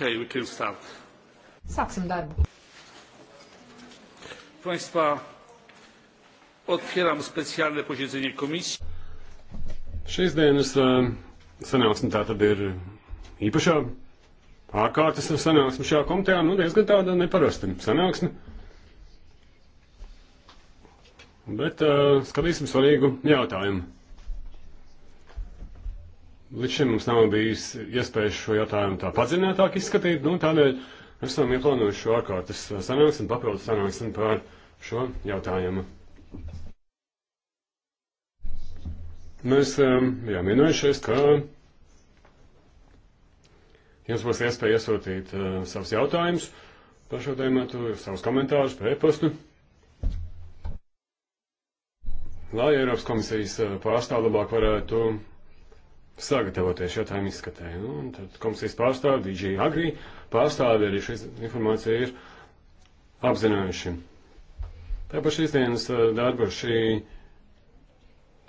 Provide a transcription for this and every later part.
Okay, we can start. Sāksim darbu. Państwa, otwieram specjalne posiedzenie komisji. Šīs dienas e, sanāksme tā tad ir īpašā ārkārtas sanāksme šajā komitejā, nu diezgan tāda neparasta sanāksme. Bet uh, skatīsim svarīgu jautājumu. Līdz šim mums nav bijis iespējas šo jautājumu tā padziļinātāk izskatīt, nu tādēļ esam ieplānojuši šo ārkārtas sanāksmi, papildus sanāksmi par šo jautājumu. Mēs bijām um, vienojušies, ka jums būs iespēja iesūtīt uh, savus jautājumus par šo tēmu, savus komentārus par e-pastu. Lai Eiropas komisijas uh, pārstāv labāk varētu sagatavoties jautājumu izskatē. Nu, un tad komisijas pārstāvi, DJ Agri, pārstāvi arī šīs informācija ir apzinājuši. Tāpēc šīs dienas uh, darba šī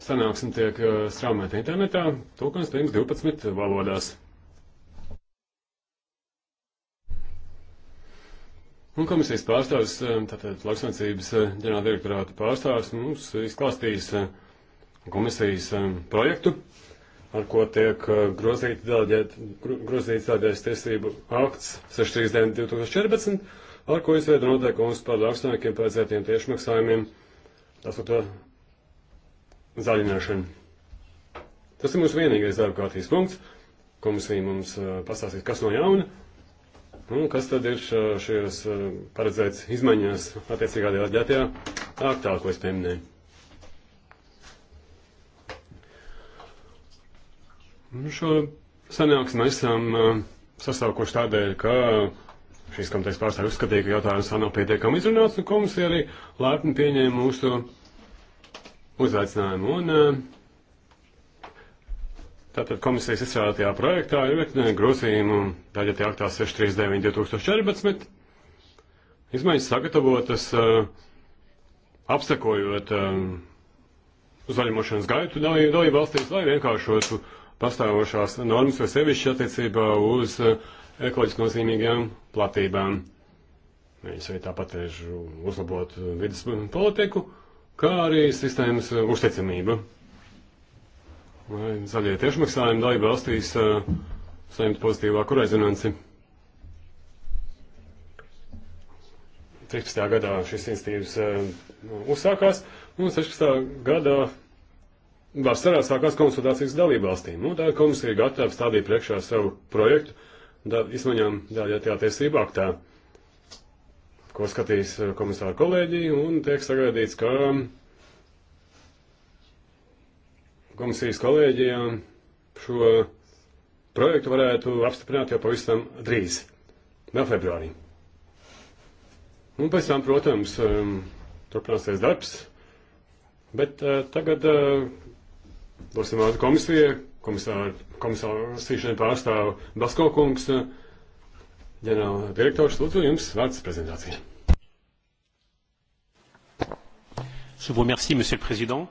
sanāksme tiek uh, straumēta internetā, tūkstens pirms 12 valodās. Un komisijas pārstāvis, uh, tātad lauksaimniecības ģenerāldirektorāta pārstāvis mums izklāstīs komisijas um, projektu ar ko tiek uh, grozīti dēļģēt, grozīts dēļģēs tiesību akts 6.2014, ar ko izveida noteikumus par lauksniekiem paredzētiem tiešmaksājumiem, tas ir to zaļināšanu. Tas ir mūsu vienīgais darba kārtības punkts. Komisija mums uh, pastāstīs, kas no jauna, un kas tad ir uh, šajos paredzēts izmaiņās attiecīgā dēļģētajā aktā, ko es pieminēju. Nu, šo sanāksmi esam uh, sasaukuši tādēļ, ka šīs komitejas pārstāvji uzskatīja, ka jautājums nav pietiekami izrunāts, un komisija arī lēpni pieņēma mūsu uzaicinājumu. Un, uh, Tātad komisijas izstrādātajā projektā ir virkne grozījumu daļa tie aktā 639 2014. Izmaiņas sagatavotas uh, apsakojot uh, zaļumošanas gaitu dalību valstīs, lai vienkāršotu pastāvošās normas, vai sevišķi attiecībā uz eh, ekoloģiski nozīmīgām platībām. Viņas arī tāpat ir uzlabot vidas politiku, kā arī sistēmas uzticamību. Lai zaļie tiešmaksājumi dalība valstīs eh, saņemtu pozitīvāku rezonanci. 13. gadā šis institīvs eh, uzsākās, un 16. gadā Var sarās sākās konsultācijas dalībvalstīm. Nu, tā komisija ir gatava stādīt priekšā savu projektu, da, izmaņām daļā tiesību aktā, ko skatīs eh, komisāra kolēģi, un tiek sagaidīts, ka komisijas kolēģijā šo projektu varētu apstiprināt jau pavisam drīz, vēl februārī. Un pēc tam, protams, eh, turpināsies darbs, bet eh, tagad dosim vārdu komisijai, komisāra, komisāra sīšanai pārstāv Dasko kungs, ģenerāla direktors, lūdzu jums vārds prezentācija. Je vous remercie, monsieur le président.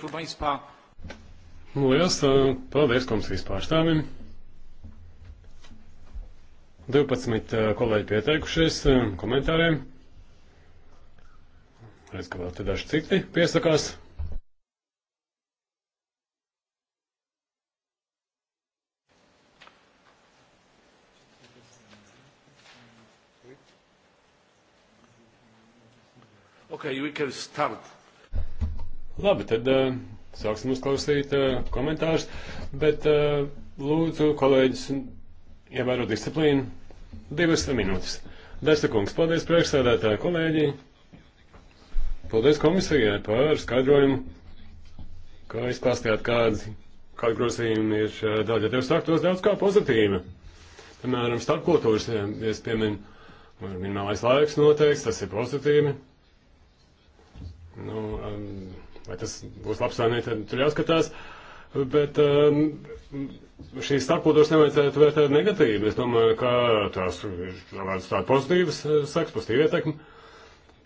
proszę Państwa. Nu, Lielas paldies komisijas pārstāvim. 12 kolēģi pieteikušies komentāriem. Redz, ka vēl te daži citi piesakās. Okay, we can start. Labi, tad uh, sāksim uzklausīt uh, komentārus, bet uh, lūdzu, kolēģis, ievēro disciplīnu. Divas minūtes. Desta kungs, paldies priekšsēdētāji kolēģi. Paldies komisijai par skaidrojumu, kā izklāstījāt kādu, kādu grozījumu ir daļa tev saktos daudz kā pozitīva. Piemēram, starpkultūras, ja es pieminu, minimālais laiks noteikts, tas ir pozitīvi. Vai tas būs labs vai nē, tad tur jāskatās. Bet um, šīs starpkultūras nevajadzētu vērtēt negatīvi. Es domāju, ka tās ir tādas pozitīvas eh, sekas, pozitīva ietekme.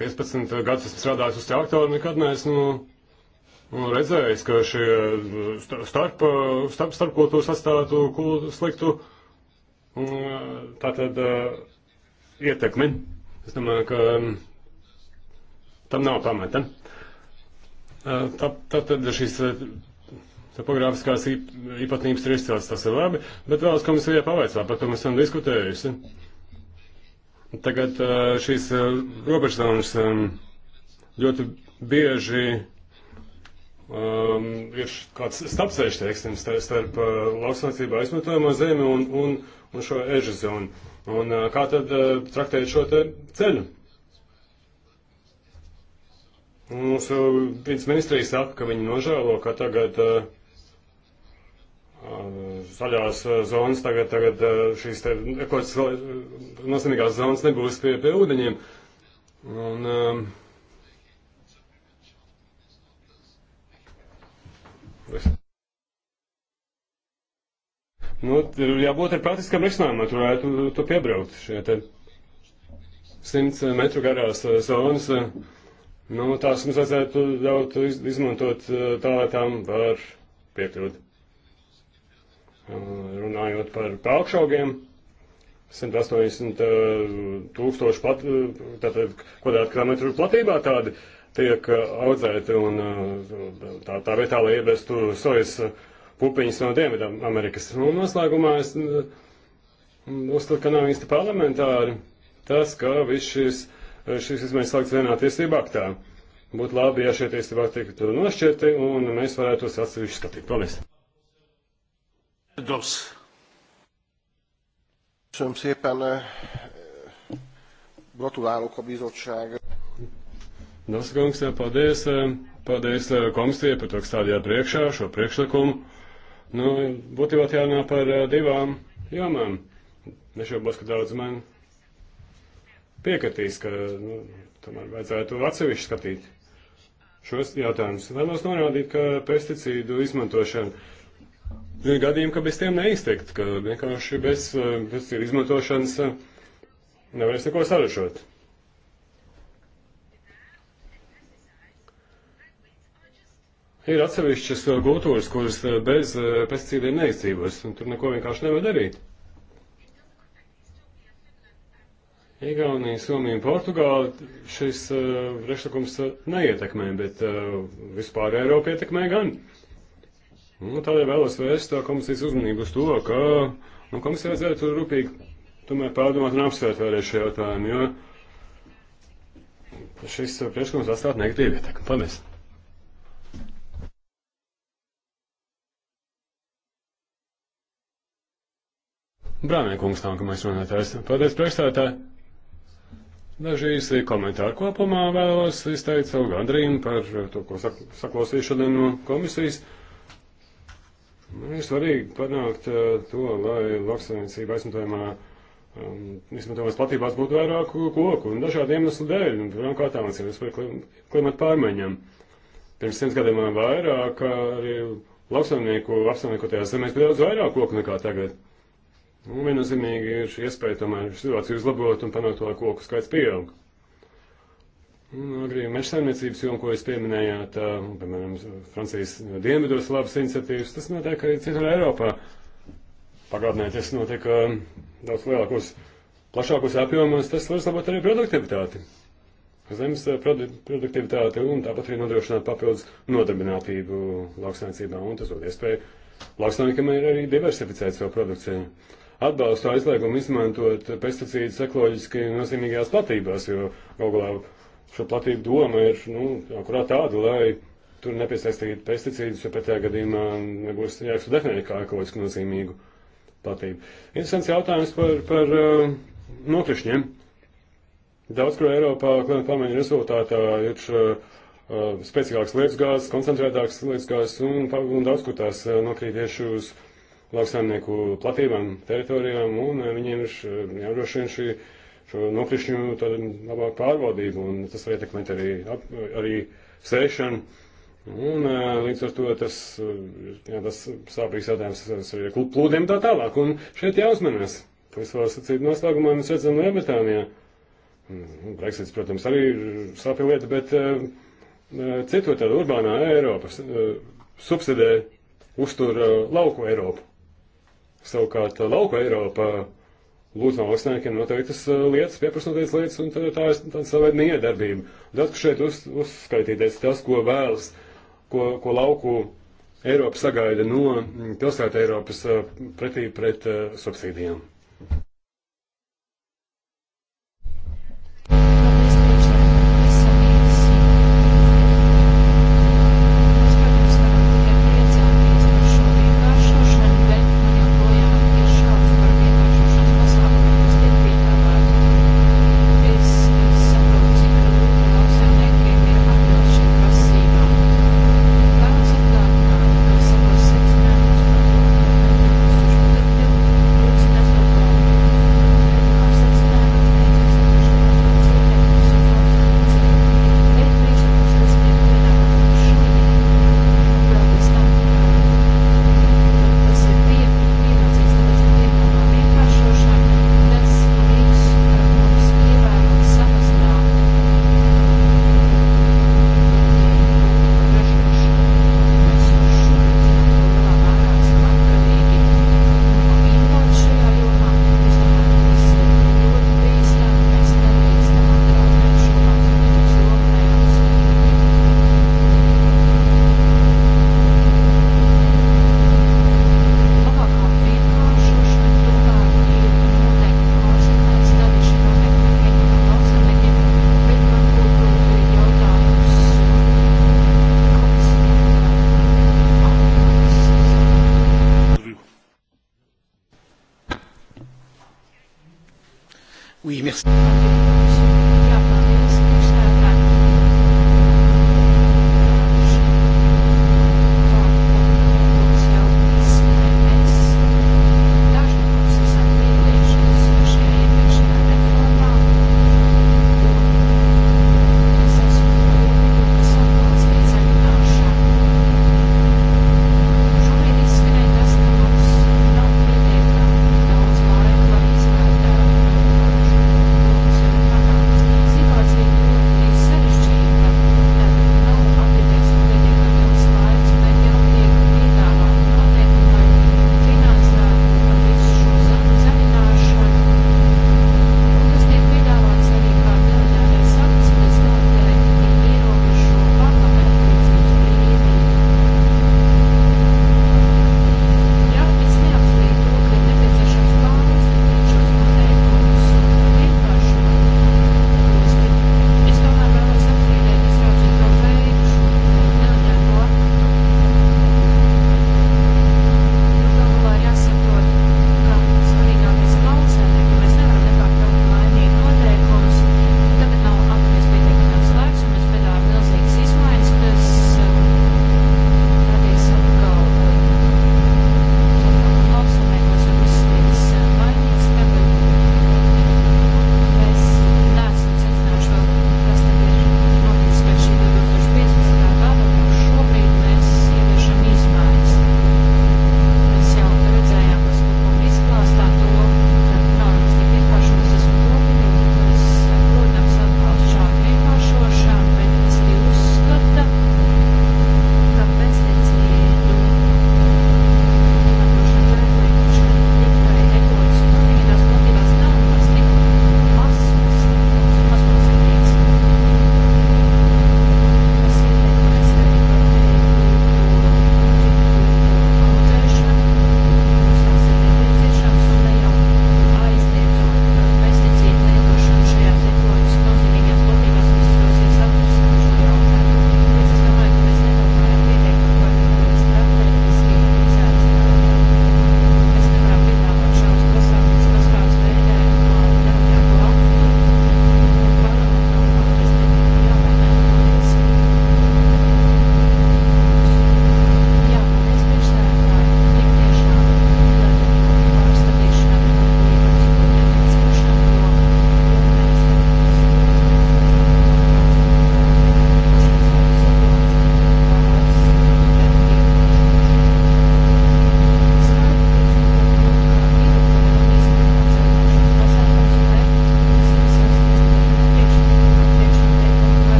15 gadus esmu strādājis uz traktoru, nekad neesmu nu, redzējis, ka šie starp, starp, starpkultūras atstātu sliktu eh, tātad eh, ietekmi. Es domāju, ka mm, tam nav pamata. Tad, tad šīs eh, topogrāfiskās īpatnības ir izceltas, tas ir labi, bet vēlas komisijā pavaicāt, par to mēs esam diskutējusi. Tagad eh, šīs eh, robežzonas ļoti bieži um, ir kāds stabceļš, teiksim, starp uh, lauksācībā aizmantojamo zemi un, un, un šo eža zonu. Un uh, kā tad uh, traktēt šo te ceļu? Mūsu vidas ministrija saka, ka viņi nožēlo, ka tagad uh, uh zaļās uh, zonas, tagad, tagad uh, šīs te ekoloģiskās nozīmīgās zonas nebūs pie, pie ūdeņiem. Un, um, Nu, jābūt ar praktiskam risinājumam, tur varētu to piebraukt. Šie te 100 metru garās zonas. Uh, Nu, tās mums vajadzētu ļaut izmantot eh, tā, lai tām var piekļūt. Eh, runājot par augšaugiem, 180 eh, tūkstoši pat, tātad kvadrāt kilometru platībā tādi tiek audzēti un tā, tā vietā, lai ievestu sojas pupiņas no Dienvidā Amerikas. Un noslēgumā es uzskatu, ka nav īsti parlamentāri tas, ka viss šis. Uh, šīs izmaiņas slēgts vienā tiesību aktā. Būtu labi, ja šie tiesību akti tiktu nošķirti un mēs varētu tos atsevišķi skatīt. Paldies! Dos. Köszönöm szépen, eh, gratulálok a bizottság. Nos, kungs, eh, paldies, eh, paldies komisijai par to, ka stādījāt priekšā šo priekšlikumu. Nu, būtībā jārunā par divām jomām. Nešaubos, ka daudz man piekritīs, ka nu, tomēr vajadzētu atsevišķi skatīt šos jautājumus. Vēlos norādīt, ka pesticīdu izmantošana ir gadījumi, ka bez tiem neiztikt, ka vienkārši bez eh, pesticīdu izmantošanas eh, nevarēs neko saražot. Ir atsevišķas eh, kultūras, kuras bez pesticīdiem neizdzīvos, un tur neko vienkārši nevar darīt. Igaunija, Somija un Portugāla šis uh, priekšlikums eh, neietekmē, bet uh, vispār Eiropa ietekmē gan. Nu, tādēļ vēlos vērst tā komisijas uzmanību uz to, ka nu, komisija vajadzētu rūpīgi tomēr pārdomāt un apsvērt vēlreiz šo jautājumu, jo šis priekšlikums atstāt negatīvu ietekmi. Paldies! Brānē kungs nākamais runātājs. Paldies priekšstādātāji! Daži nu, īsi komentāri kopumā vēlos izteikt savu gandrību par to, ko sak saklausīju šodien no komisijas. Man nu, ir svarīgi panākt eh, to, lai lauksaimniecība aizmantojumā um, izmantojamās platībās būtu vairāk koku un dažādu iemeslu dēļ. Nu, Pirmkārt, mēs cīnāmies par klim klimatu pārmaiņām. Pirms simts gadiem vairāk arī lauksaimnieku apsaimniekotajās zemēs bija daudz vairāk koku nekā tagad. Un nu, viennozīmīgi ir šī iespēja tomēr situāciju uzlabot un panākt to, lai koku skaits pieaug. Agrīnā meža saimniecības joma, ko jūs pieminējāt, piemēram, Francijas dienvidos labas iniciatīvas, tas notiek arī citur Eiropā. Pagātnē tas notika daudz lielākos, plašākos apjomos, tas var uzlabot arī produktivitāti. Zemes produktivitāti un tāpat arī nodrošināt papildus nodarbinātību lauksainicībā, un tas dod iespēju lauksainicam ir arī diversificēt savu produkciju atbalstu aizliegumu izmantot pesticīdus ekoloģiski nozīmīgajās platībās, jo galvā šo platību doma ir, nu, akurā tāda, lai tur nepiesaistītu pesticīdus, jo pretējā gadījumā nebūs jāks definēt kā ekoloģiski nozīmīgu platību. Interesants jautājums par, par uh, nokrišņiem. Daudz, kur Eiropā klimata pārmaiņu rezultātā ir uh, uh spēcīgāks lietusgāzes, koncentrētāks lietusgāzes un, un daudz, kur tās uh, nokrīt tieši uz lauksaimnieku platībām, teritorijām, un eh, viņiem ir eh, jādrošina šī, šo nokrišņu tādu labāku pārvaldību, un tas var ietekmēt arī, ap, arī sēšanu. Un eh, līdz ar to tas, jā, tas sāpīgs jautājums arī ar plūdiem tā tālāk, un šeit jāuzmanās. To es varu sacīt noslēgumā, mēs redzam Lielbritānijā. Brexits, protams, arī ir sāpīga lieta, bet uh, citur tāda urbānā Eiropa uh, subsidē uztur uh, lauku Eiropu. Savukārt lauka Eiropā lūdzu no lauksniekiem noteiktas lietas, pieprasnoties lietas, un tad tā ir tāda savaida niedarbība. Tas, kas šeit uz, uzskaitīties, tas, ko vēlas, ko, ko lauku Eiropa sagaida no pilsēta Eiropas pretī pret subsīdijām.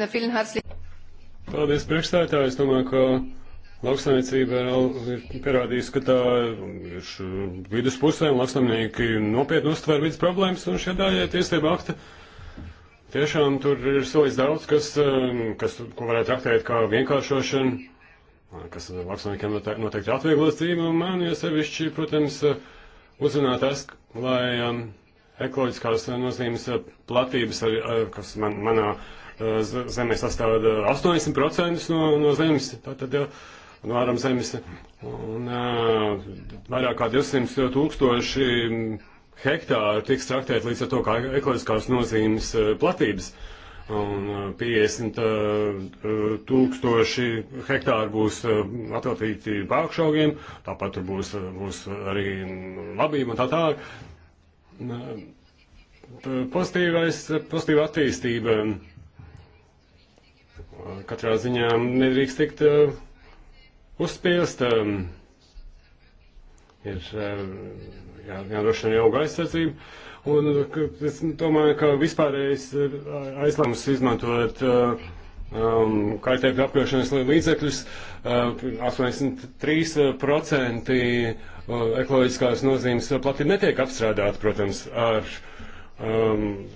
Paldies, priekšstādātāji. Es domāju, ka lauksaimniecība ir pierādījusi, ka tā ir vidus pusē, un lauksaimnieki nopietni uztver vidas problēmas, un šie daļai tiesība akta tiešām tur ir solis daudz, kas, um, kas, ko varētu traktēt kā vienkāršošanu, kas lauksaimniekiem noteikti atvieglos dzīvi, un man jau sevišķi, protams, uzrunāt tas, lai um, ekoloģiskās nozīmes uh, platības, ar, ar, uh, kas man, manā Eh, zeme sastāv 80% eh, no, no zemes, tātad no ārām zemes, un eh, vairāk kā 200 tūkstoši hektāri tiks traktēt līdz ar to kā ekoloģiskās nozīmes platības. Un 50 tūkstoši hektāri būs atveltīti bākšaugiem, tāpat tur būs, būs arī labība un tā tālāk. Pozitīvais, pozitīva attīstība katrā ziņā nedrīkst tikt uh, uzspiest. Um, ir eh, jā, jādrošina auga aizsardzība. Un es domāju, ka vispārējais aizlēmums izmantot uh, um, kaitēkļu apgrošanas līdzekļus uh, 83% ekoloģiskās nozīmes plati netiek apstrādāti, protams, ar uh, um,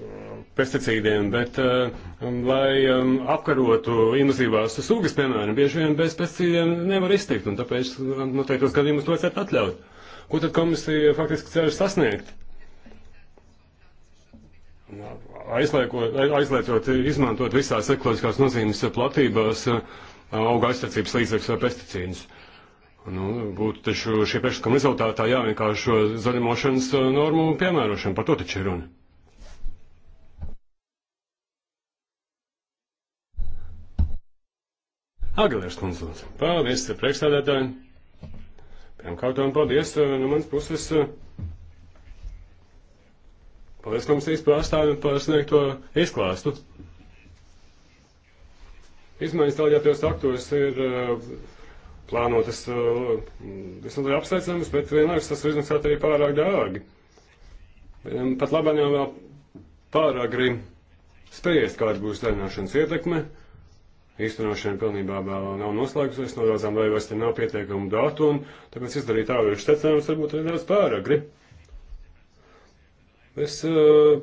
pesticīdiem, bet, uh, um, lai um, apkarotu invazīvās sugas, piemēram, bieži vien bez pesticīdiem nevar iztikt, un tāpēc um, noteiktos gadījumus to vajadzētu atļaut. Ko tad komisija faktiski cer sasniegt? Aizliedzot izmantot visās ekoloģiskās nozīmes platībās uh, auga aizsardzības līdzekļus vai pesticīdus. Nu, būtu taču šie priekšlikuma rezultātā jāvienkāršo zaļumošanas uh, normu piemērošanu. Par to taču ir runa. Agalērs kundze, lūdzu. Paldies, priekšstādātāji. Pirmkārt, un paldies eh, no manas puses. Eh, paldies komisijas pārstāvjiem par sniegto izklāstu. Izmaiņas tālākajos aktos ir eh, plānotas visnotaļ apsveicamas, bet vienlaikus tas var izmaksāt arī pārāk dārgi. Pat labāk jau vēl pārāk grib spriest, kāda būs daļināšanas ietekme īstenošana pilnībā vēl nav noslēgusies, norādām, vai vairs te nav pietiekamu datu, un tāpēc izdarīt tā vēršu secinājumus varbūt arī nedaudz pāragri. Es uh,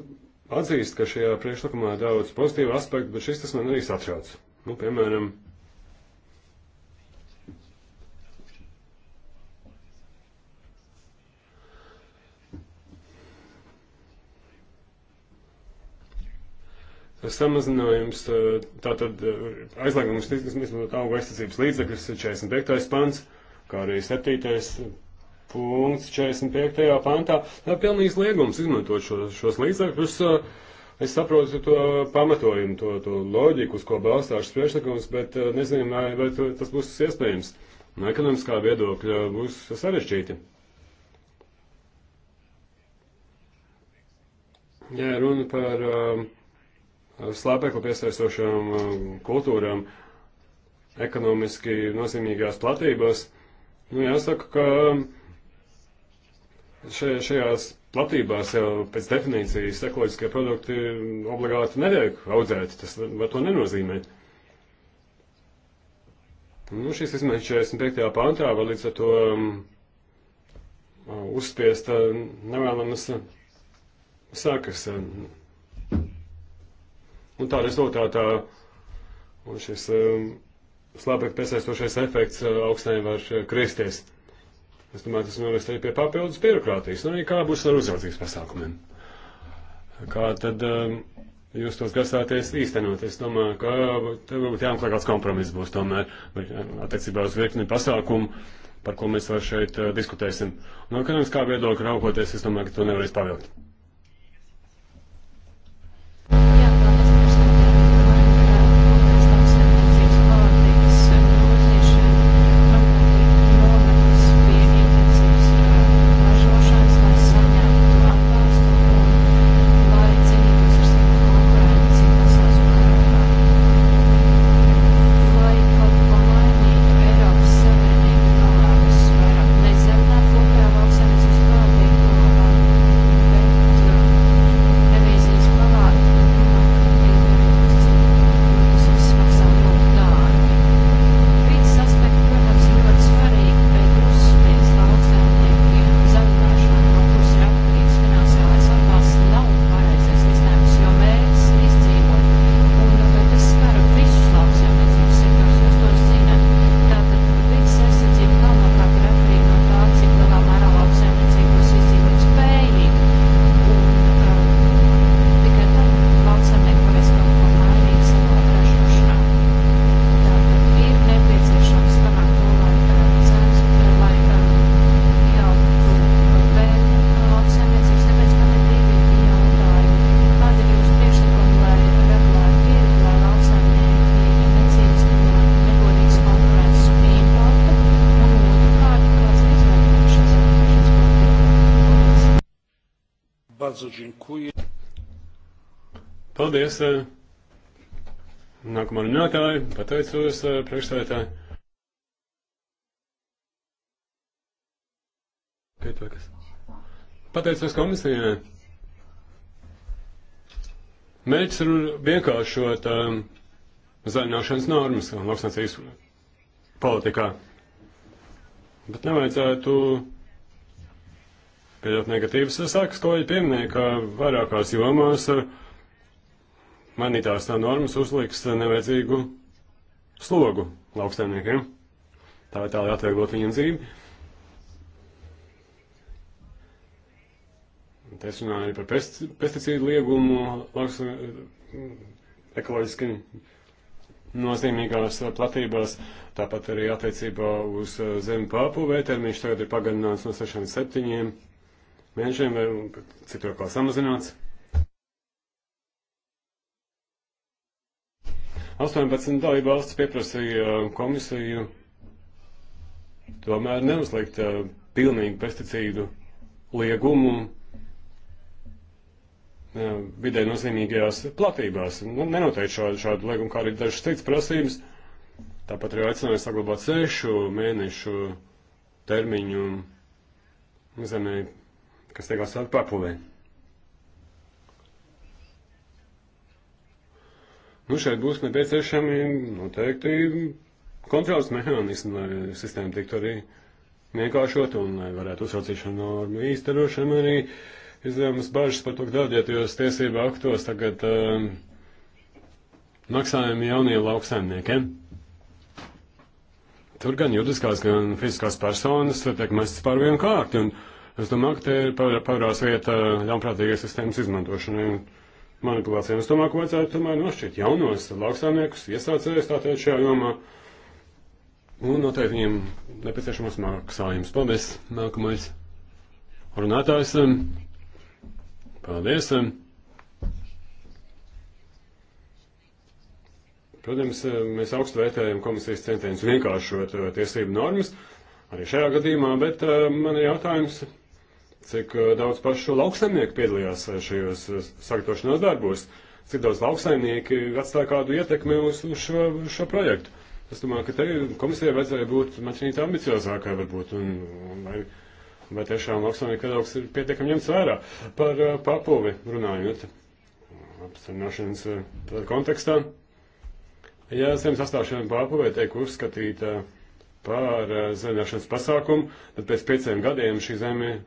atzīstu, ka šajā priekšlikumā ir daudz pozitīvu aspektu, bet šis tas man arī satrauc. Nu, piemēram, samazinājums, eh, tātad eh, aizliegums izmantot augu aizsardzības līdzekļus 45. pants, kā arī 7. punkts 45. pantā. Tā ir pilnīgs liegums izmantot šo, šos līdzekļus. Eh, es saprotu to pamatojumu, to, to loģiku, uz ko balstās šis priekšlikums, bet nezinu, vai, vai tas būs iespējams. No ekonomiskā viedokļa būs sarežģīti. Jā, runa par uh, slēpekli piesaistošām um, kultūrām ekonomiski nozīmīgās platībās. Nu, jāsaka, ka šajā, šajās platībās jau pēc definīcijas ekoloģiskie produkti obligāti netiek audzēti. Tas var to nenozīmē. Nu, šīs izmaiņas 45. pāntā var līdz ar to um, uzspiest uh, nevēlamas uh, sākas. Uh, Un tā rezultātā un šis um, slāpekļa piesaistošais efekts uh, augstnēm var kristies. Uh, es domāju, tas novest arī pie papildus birokrātijas. Un nu, arī kā būs ar uzraudzības pasākumiem? Kā tad um, jūs tos grasāties īstenot? Es domāju, ka uh, tev būtu jāmeklē kāds kompromiss būs tomēr uh, attiecībā uz virkni pasākumu par ko mēs vēl šeit uh, diskutēsim. No ekonomiskā viedokļa raugoties, es domāju, ka to nevarēs pavilkt. Paldies! Eh, nākamā runātāja, pateicos eh, priekšstādātāji. Pietvakas. Pateicos komisijai. Mērķis ir vienkāršot um, zaļināšanas normas lauksnācijas politikā. Bet nevajadzētu pieļaut negatīvas sakas, ko viņi pieminēja, ka vairākās jomās uh, mainītās normas uzliks nevajadzīgu slogu lauksaimniekiem. Tā vai tā, lai atvieglot viņiem dzīvi. Te es runāju arī par pesticīdu liegumu, lauksa, ekoloģiski nozīmīgās platībās, tāpat arī attiecībā uz eh, zemi pāpuvē, termiņš tagad ir pagarināts no 6 līdz 7 mēnešiem, vai citur kā samazināts. 18 dalība valsts pieprasīja um, komisiju tomēr neuzlikt uh, pilnīgu pesticīdu liegumu uh, vidē nozīmīgajās platībās. Nu, nenoteikti šādu, šādu liegumu, kā arī dažas citas prasības. Tāpat arī aicināja saglabāt sešu mēnešu termiņu zemē, kas tiekās atpakaļ. Nu, šeit būs nepieciešami noteikti kontrols mehānismi, lai sistēma tiktu arī vienkāršot un lai varētu uzraucīšanu normu īstenošanu arī izdevumus bažas par to, ka daudzietajos tiesību aktos tagad uh, maksājumi jauniem lauksaimniekiem. Tur gan juridiskās, gan fiziskās personas tiek mestas par vienu kārti, un es domāju, ka te ir pavarās vieta ļaunprātīgās sistēmas izmantošanai. Un, manipulācijām. Es domāju, ka vajadzētu tomēr nošķirt jaunos lauksāniekus, iesācējus tātad šajā jomā. Un noteikti viņiem nepieciešamos maksājums. Paldies. Nākamais runātājs. Paldies. Protams, mēs augstu vērtējam komisijas centienus vienkāršot tiesību normas arī šajā gadījumā, bet eh, man ir jautājums cik eh, daudz pašu lauksaimnieku piedalījās eh, šajos eh, sagatavošanās darbos, cik daudz lauksaimnieki atstāja kādu ietekmi uz, uz šo, šo projektu. Es domāju, ka te komisijai vajadzēja būt maķinīt ambiciozākai varbūt, un, un vai, vai tiešām lauksaimnieku kadaugs ir pietiekami ņemts vērā par papuvi runājot apstiprināšanas kontekstā. Ja zem sastāvšana papuvē tiek uzskatīta par zaļināšanas pasākumu, tad pēc pieciem gadiem šī zeme ir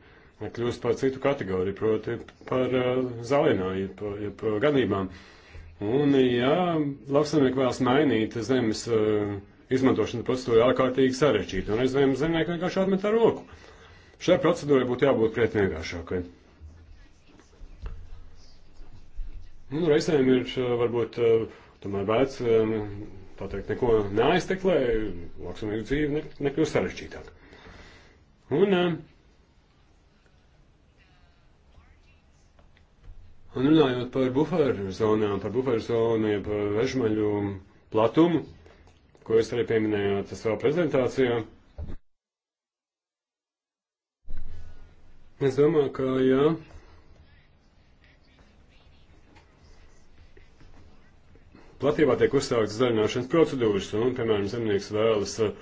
kļūst par citu kategoriju, proti par eh, zaļinā, jeb, jeb eh, ganībām. Un, ja lauksaimnieki vēlas mainīt zemes eh, izmantošanu procedūru ārkārtīgi sarežģītu, un reizēm zemnieki vienkārši atmet ar roku. Šai procedūrai būtu jābūt krietni vienkāršākai. Nu, reizēm ir varbūt tomēr vērts, tā teikt, neko neaiztekt, lai lauksaimnieku dzīve nekļūst sarežģītāk. Un, uh, Un runājot par buferu zonām, par buferu zonu, ja par vežmaļu platumu, ko jūs arī pieminējāt savā prezentācijā, es domāju, ka jā. Platībā tiek uzsāktas zaļināšanas procedūras, un, piemēram, zemnieks vēlas um,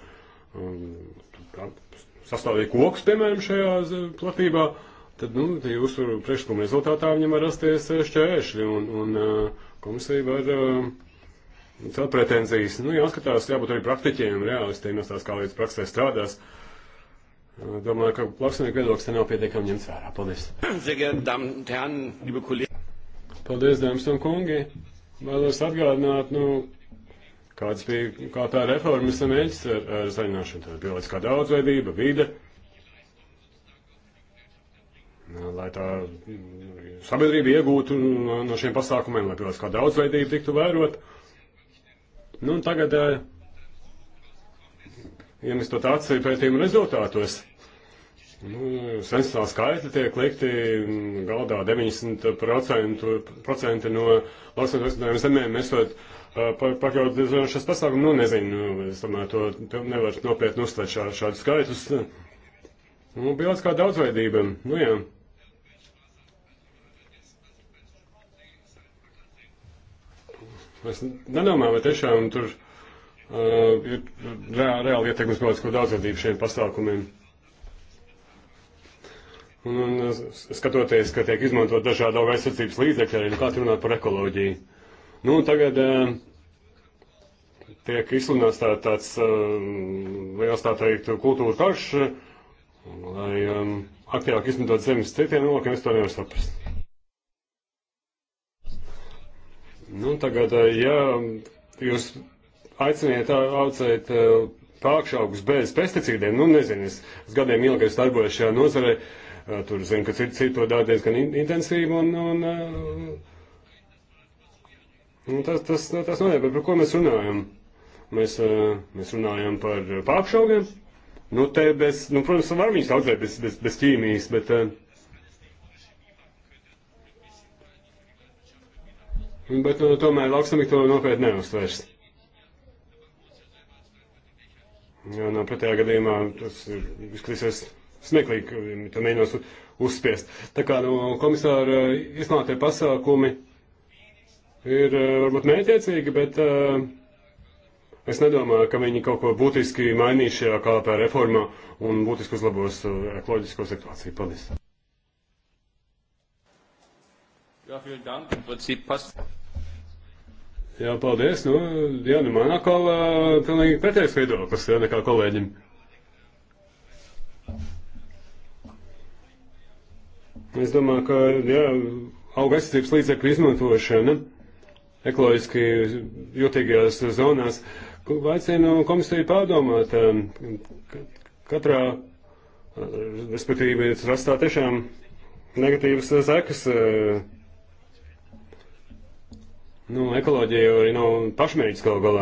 sastāvīt kokus, piemēram, šajā platībā. Uh, tad, nu, jūsu priekšlikuma rezultātā viņam var rasties eh, šķēršļi, un, un eh, komisija var eh, celt pretenzijas. Nu, jāskatās, jābūt arī praktiķiem, realistiem, jāskatās, kā līdz praksē strādās. Domāju, ka lauksnieku viedoklis te nav pietiekami ņemts vērā. Paldies. Paldies, dāmas un kungi. Vēlos atgādināt, nu, kāds bija, kā tā reformas mērķis ar, ar zaļināšanu, tā bioloģiskā daudzveidība, vide lai tā sabiedrība iegūtu no šiem pasākumiem, lai pilsētas kā daudzveidība tiktu vērot. Nu, un tagad ienestot eh, ja acī pētījumu rezultātos. Nu, sensitāli skaitļi tiek likti mm, galdā 90% no lauksaimniecības zemēm esot uh, eh, pakļaut šas pasākumu. Nu, nezinu, es tomēr to, to nevaru nopietni uztvert šā, šādus skaitļus. Nu, bija kā daudzveidība. Nu, jā. Es nedomāju, vai tiešām tur uh, ir reā, reāli ietekmes politisko daudzveidību šiem pasākumiem. Un, un uh, skatoties, ka tiek izmantot dažādi auga aizsardzības līdzekļi, arī nu, kā runāt par ekoloģiju. Nu, tagad uh, tiek izsludināts tā, tāds uh, liels, tā teikt, kultūra karš, uh, lai um, aktīvāk izmantot zemes citiem nolūkiem, es to nevaru saprast. Nu, tagad, eh, ja jūs aiciniet eh, audzēt eh, pārākšaugus bez pesticīdiem, nu, nezinu, es, es gadiem ilgi esmu darbojies šajā nozarē, tur zinu, ka citi cit to dara diezgan intensīvi un, un, un nu, tas, tas, tas notiek, bet par ko mēs runājam? Mēs, mēs runājam par pārākšaugiem. Nu, te bez, nu, protams, var viņus audzēt bez, bez, bez ķīmijas, bet. Uh, Bet nu, tomēr laukstamīgi to nopietni neuztvers. Jo, no nu, pretējā gadījumā tas izskatīsies smieklīgi, ja mēģinās uzspiest. Tā kā no nu, komisāra izmātie pasākumi ir uh, varbūt mētiecīgi, bet uh, es nedomāju, ka viņi kaut ko būtiski mainīs šajā KLP reformā un būtiski uzlabos uh, ekoloģisko situāciju. Paldies! Jā, jā paldies. Nu, jā, nu manā kolā pilnīgi pretējs viedoklis, jā, nekā kolēģim. Es domāju, ka, jā, auga aizsardzības līdzekļu izmantošana ekoloģiski jūtīgajās zonās. Aicinu komisiju pārdomāt, katrā, respektīvi, tas rastā tiešām negatīvas sekas. Uh, Nu, ekoloģija arī nav pašmērķis kaut galā.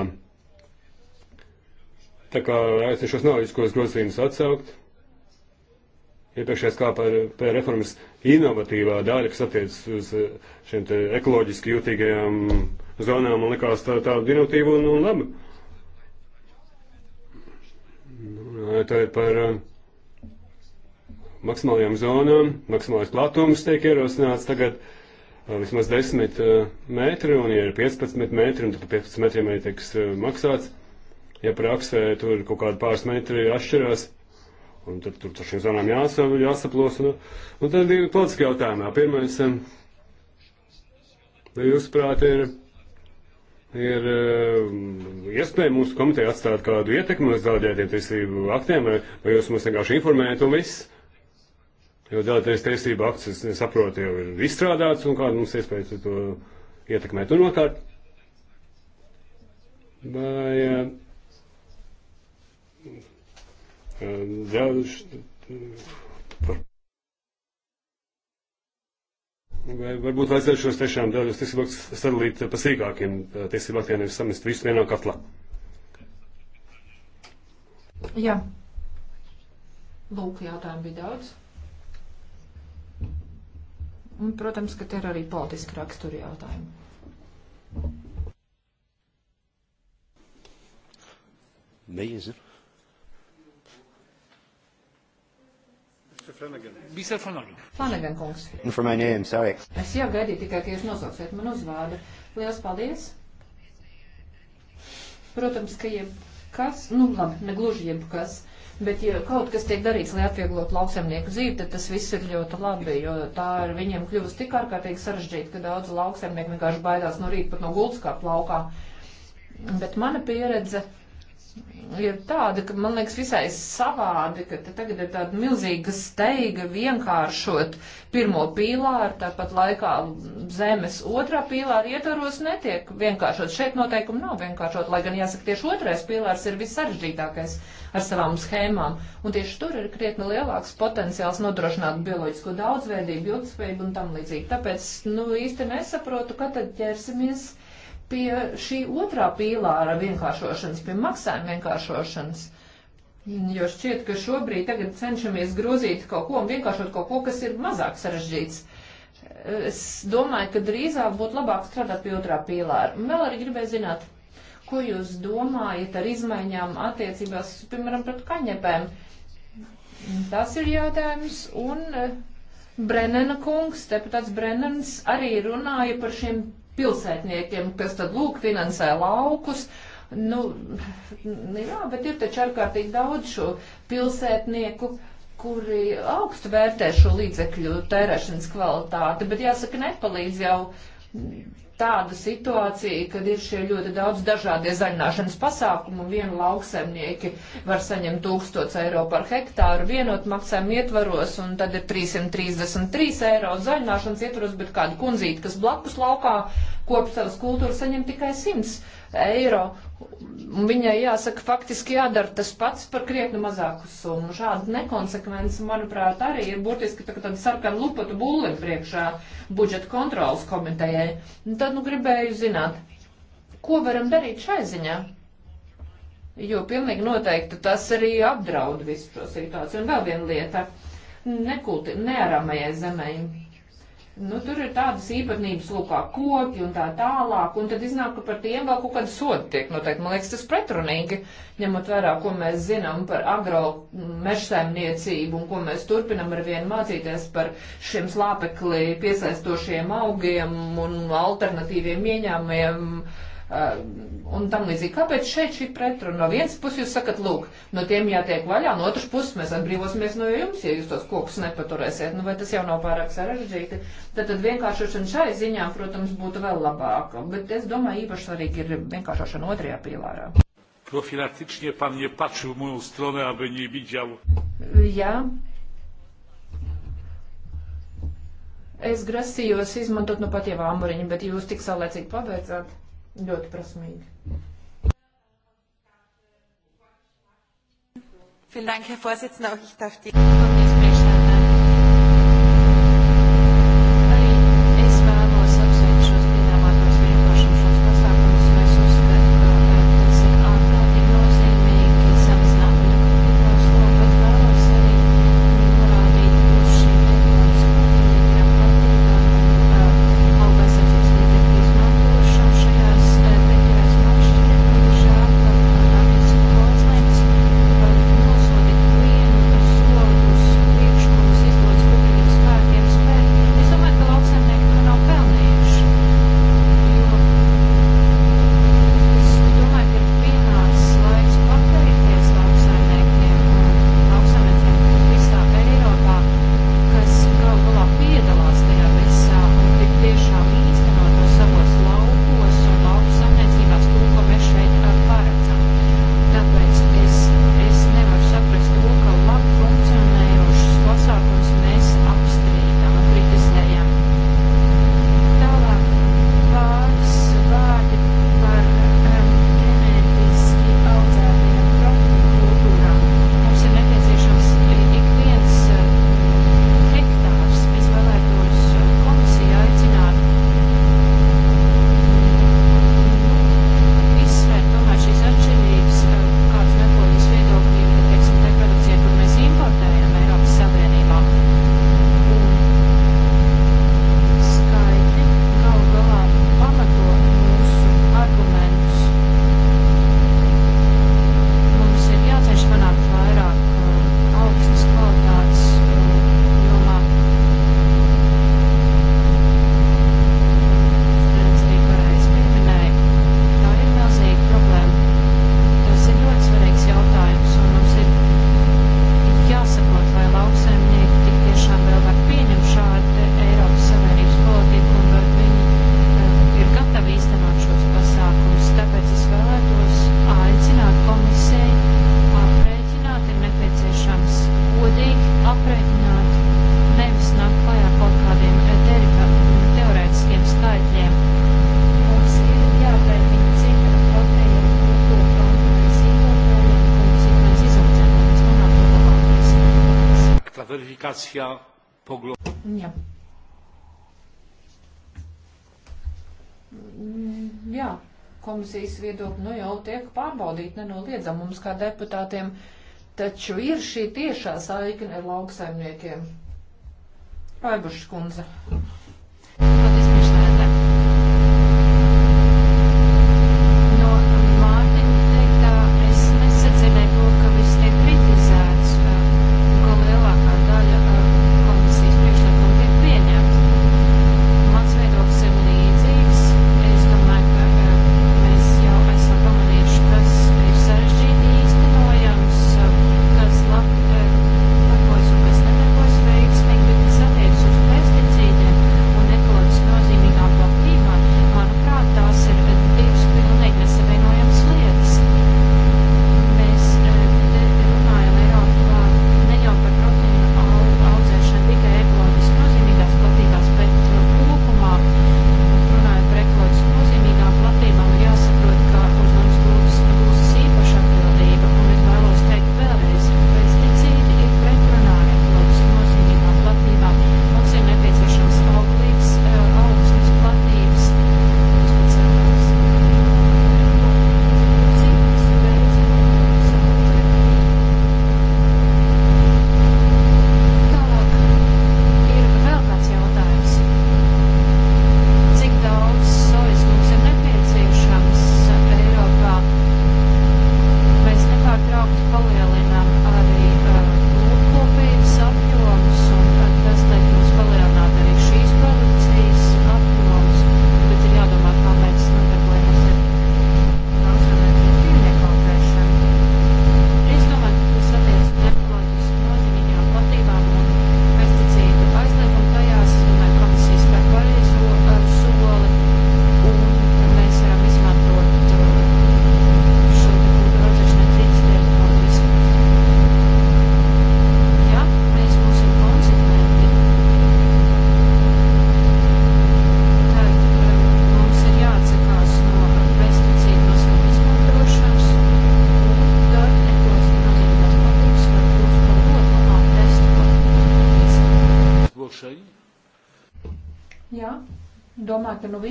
Tā kā aizsiešos nav viskos grozījumus atsaukt. Iepriekšējais kā par, par reformas inovatīvā daļa, kas attiec uz eh, šiem te ekoloģiski jūtīgajām zonām, man likās tā, tāda inovatīva un, un laba. Nu, tā ir par eh, maksimālajām zonām, maksimālais platums tiek ierosināts tagad. Uh, vismaz 10 metri, un ja ir 15 metri, un tad 15 metriem arī tiks maksāts. Ja praksē tur kaut kādi pāris metri atšķirās, un tad tur ar šīm zonām jāsa, jāsaplos. Un, un tad ir politiski jautājumā. Pirmais, vai jūs prāt ir, ir iespēja mūsu komiteja atstāt kādu ietekmi uz zaudētiem tiesību aktiem, vai, vai jūs mūs vienkārši informējat un viss? Jo delegētais tiesība akts, es saprotu, jau ir izstrādāts un kāda mums iespēja to ietekmēt. Un otrkārt, vai ļauš. Eh, eh, vai varbūt vajadzētu šos tiešām daļus tiesību aktus sadalīt pa sīkākiem eh, tiesību aktiem, nevis samest visu vienā katlā. Jā. Lūk, jautājumu bija daudz. Un, protams, ka te ir arī politiski raksturi jautājumi. Beidzot. Flanagan. Flanagan. Flanagan kungs. Nu, for my name, sorry. Es jau gaidīju tikai, ka jūs nosauksiet man uzvārdu. Lielas paldies. Protams, ka jebkas, nu labi, negluži jebkas Bet, ja kaut kas tiek darīts, lai atvieglotu lauksemnieku dzīvi, tad tas viss ir ļoti labi, jo tā ir viņiem kļūst tik ārkārtīgi sarežģīti, ka daudz lauksemnieku vienkārši baidās no rīta pat no gultas kāp laukā. Bet mana pieredze ir tāda, ka man liekas visai savādi, ka tagad ir tāda milzīga steiga vienkāršot pirmo pīlāru, tāpat laikā zemes otrā pīlāra ietvaros netiek vienkāršot. Šeit noteikumi nav vienkāršot, lai gan jāsaka tieši otrais pīlārs ir vissaržģītākais ar savām schēmām. Un tieši tur ir krietni lielāks potenciāls nodrošināt bioloģisko daudzveidību, ilgspējību un tam līdzīgi. Tāpēc, nu, īsti nesaprotu, ka tad ķersimies pie šī otrā pīlāra vienkāršošanas, pie maksājuma vienkāršošanas. Jo šķiet, ka šobrīd tagad cenšamies grozīt kaut ko un vienkāršot kaut ko, kas ir mazāk sarežģīts. Es domāju, ka drīzāk būtu labāk strādāt pie otrā pīlāra. Un vēl arī gribēju zināt, ko jūs domājat ar izmaiņām attiecībās, piemēram, pret kaņepēm. Tas ir jautājums. Un eh, Brennena kungs, deputāts Brennens, arī runāja par šiem pilsētniekiem, kas tad lūk finansē laukus. Nu, jā, bet ir taču ārkārtīgi daudz šo pilsētnieku, kuri augstu vērtē šo līdzekļu tērēšanas kvalitāti, bet jāsaka, nepalīdz jau tāda situācija, kad ir šie ļoti daudz dažādie zaļināšanas pasākumi, un vienu lauksaimnieki var saņemt 1000 eiro par hektāru vienot maksājumu ietvaros, un tad ir 333 eiro zaļināšanas ietvaros, bet kāda kundzīte, kas blakus laukā kopš savas kultūras saņem tikai 100 eiro. Un viņai jāsaka, faktiski jādara tas pats par krietni mazāku summu. Šāda nekonsekvence, manuprāt, arī ir burtiski tā, tāda sarkana lupatu būle priekšā budžeta kontrolas komitejai. Un tad, nu, gribēju zināt, ko varam darīt šai ziņā? Jo pilnīgi noteikti tas arī apdraud visu šo situāciju. Un vēl viena lieta - nekulti, nearamajai zemēji nu, tur ir tādas īpatnības, lūk, kā koki un tā tālāk, un tad iznāk, ka par tiem vēl kaut kāda soda tiek noteikti. Man liekas, tas pretrunīgi, ņemot vērā, ko mēs zinām par agro mežsēmniecību un ko mēs turpinam ar vienu mācīties par šiem slāpekli piesaistošiem augiem un alternatīviem ieņēmumiem Uh, un tam līdzīgi. Kāpēc šeit šī pretruna? No vienas puses jūs sakat, lūk, no tiem jātiek vaļā, no otras puses mēs atbrīvosimies no jums, ja jūs tos kokus nepaturēsiet. Nu, vai tas jau nav pārāk sarežģīti? Tad, tad vienkāršošana šai ziņā, protams, būtu vēl labāka. Bet es domāju, īpaši svarīgi ir vienkāršošana otrajā pīlārā. Profilakticznie pan nie patrzył w moją stronę, aby nie widział. Ja es grasījos izmantot nu pat jau āmuriņu, bet jūs tik saulēcīgi pabeicāt ļoti prasmīgi. Vielen Dank, Herr Vorsitzender. Auch ich darf die. konfrontacja poglądów. Jā. Mm, jā, komisijas viedokļi nu jau tiek pārbaudīti nenoliedzami mums kā deputātiem, taču ir šī tiešā saikne ar lauksaimniekiem. Paibušs kundze.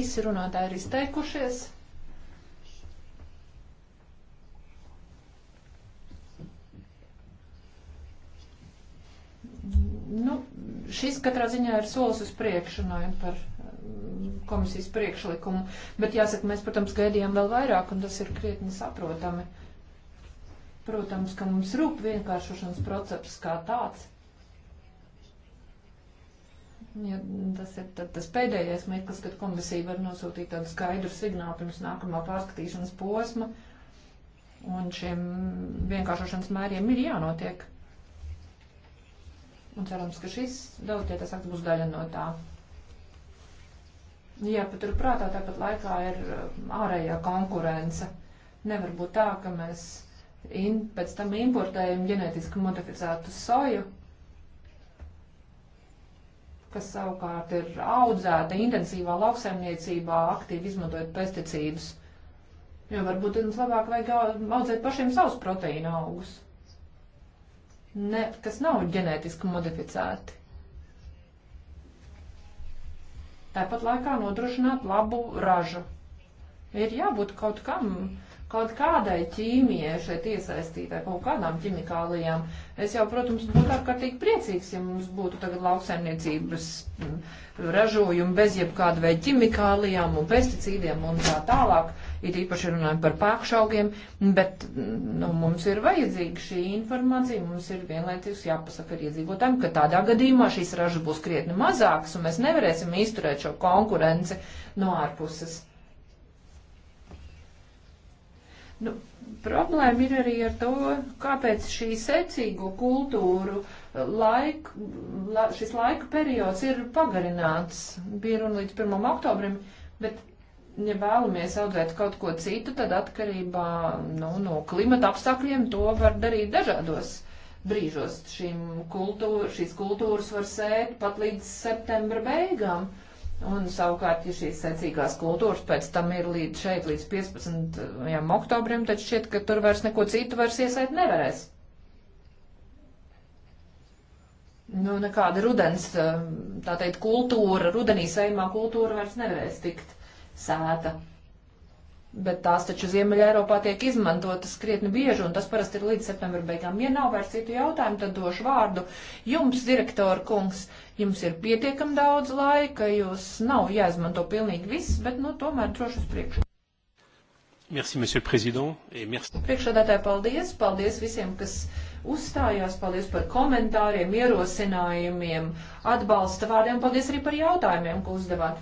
visi runātāji ir izteikušies. Nu, šis katrā ziņā ir solis uz priekšu, runājot nu, par mm, komisijas priekšlikumu, bet jāsaka, mēs, protams, gaidījām vēl vairāk, un tas ir krietni saprotami. Protams, ka mums rūp vienkāršošanas process kā tāds. Ja tas ir tas pēdējais mirklis, kad komisija var nosūtīt tādu skaidru signālu pirms nākamā pārskatīšanas posma, un šiem vienkāršošanas mēriem ir jānotiek. Un cerams, ka šis daudzietas akts būs daļa no tā. Jā, pat turprātā tāpat laikā ir um, ārējā konkurence. Nevar būt tā, ka mēs in, pēc tam importējam ģenētiski modificētu soju kas savukārt ir audzēta intensīvā lauksaimniecībā, aktīvi izmantojot pesticīdus. Jo varbūt mums labāk vajag audzēt pašiem savus proteīna augus, ne, kas nav ģenētiski modificēti. Tāpat laikā nodrošināt labu ražu. Ir jābūt kaut kam, uh, kaut kādai ķīmijai šeit iesaistītai, kaut kādām ķimikālijām. Es jau, protams, būtu ārkārtīgi priecīgs, ja mums būtu tagad lauksaimniecības ražojumi bez jebkāda veida ķimikālijām un pesticīdiem un tā tālāk. It īpaši runājam par pākšaugiem, bet nu, mums ir vajadzīga šī informācija, mums ir vienlaicīgs jāpasaka arī iedzīvotājiem, ka tādā gadījumā šīs ražas būs krietni mazākas un mēs nevarēsim izturēt šo konkurenci no ārpuses. Nu, problēma ir arī ar to, kāpēc šī secīgo kultūru laik, la, šis laika periods ir pagarināts, bija runa līdz 1. oktobrim, bet, ja vēlamies audzēt kaut ko citu, tad atkarībā nu, no klimata apstākļiem to var darīt dažādos brīžos. Šīm kultūr, šīs kultūras var sēt pat līdz septembra beigām. Uh, Un savukārt, ja šīs secīgās kultūras pēc tam ir līdz šeit, līdz 15. oktobrim, tad šķiet, ka tur vairs neko citu vairs iesēt nevarēs. Nu, nekāda rudens, eh, tā teikt, kultūra, rudenī saimā kultūra vairs nevarēs tikt sēta. Bet tās taču Ziemeļā Eiropā tiek izmantotas krietni bieži, un tas parasti ir līdz septembra beigām. Ja nav vairs citu jautājumu, tad došu vārdu jums, direktora kungs. Jums ir pietiekami daudz laika, jūs nav jāizmanto pilnīgi viss, bet, nu, tomēr droši uz priekšu. Merci, monsieur président, et merci. Priekšādātāji, paldies, paldies visiem, kas uzstājās, paldies par komentāriem, ierosinājumiem, atbalsta vārdiem, paldies arī par jautājumiem, ko uzdevāt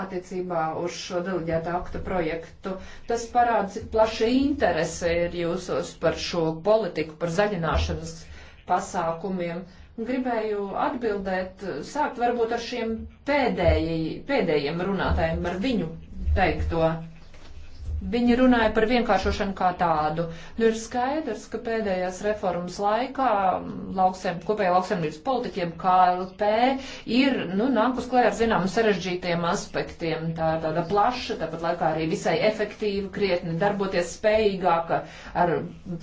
attiecībā uz šo deleģēta akta projektu. Tas parāda, cik plaša interese ir jūsos par šo politiku, par zaļināšanas pasākumiem. Gribēju atbildēt, sākt varbūt ar šiem pēdēji, pēdējiem runātājiem, ar viņu teikto. Viņi runāja par vienkāršošanu kā tādu. Nu, ir skaidrs, ka pēdējās reformas laikā lauksem, kopējā lauksemības politiķiem KLP ir nu, nākus klajā ar zināmu sarežģītiem aspektiem. Tā ir tāda plaša, tāpat laikā arī visai efektīva, krietni darboties spējīgāka ar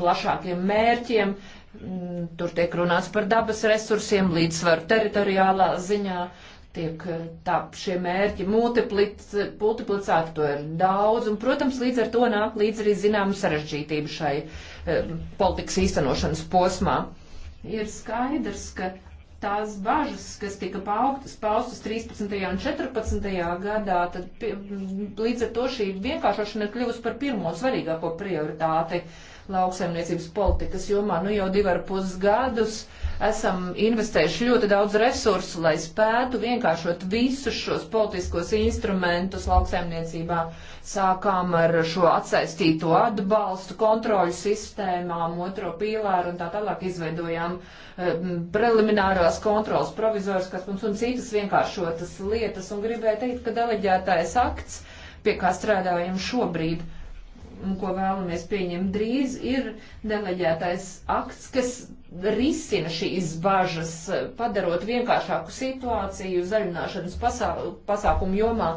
plašākiem mērķiem. Mm, tur tiek runāts par dabas resursiem, līdzsvaru teritoriālā ziņā. Uh, tiek eh, tā, šie mērķi multiplic, multiplicēti, to ir daudz, un, protams, līdz ar to nāk līdz arī zināma sarežģītība šai e, politikas īstenošanas posmā. Ir skaidrs, ka tās bažas, kas tika paugtas, paustas 13. un 14. gadā, tad pie, līdz ar to šī vienkāršošana ir kļuvusi par pirmo svarīgāko prioritāti lauksaimniecības politikas jomā. Nu jau divar pusgadus gadus esam investējuši ļoti daudz resursu, lai spētu vienkāršot visus šos politiskos instrumentus lauksaimniecībā. Sākām ar šo atsaistīto atbalstu kontroļu sistēmām, otro pīlāru un tā tālāk izveidojām ehm, preliminārās kontrolas provizoriskas mums un citas vienkāršotas lietas un gribēju teikt, ka deleģētājs akts, pie kā strādājam šobrīd, ko vēlamies pieņemt drīz, ir deleģētais akts, kas risina šīs bažas, padarot vienkāršāku situāciju zaļināšanas pasākumu jomā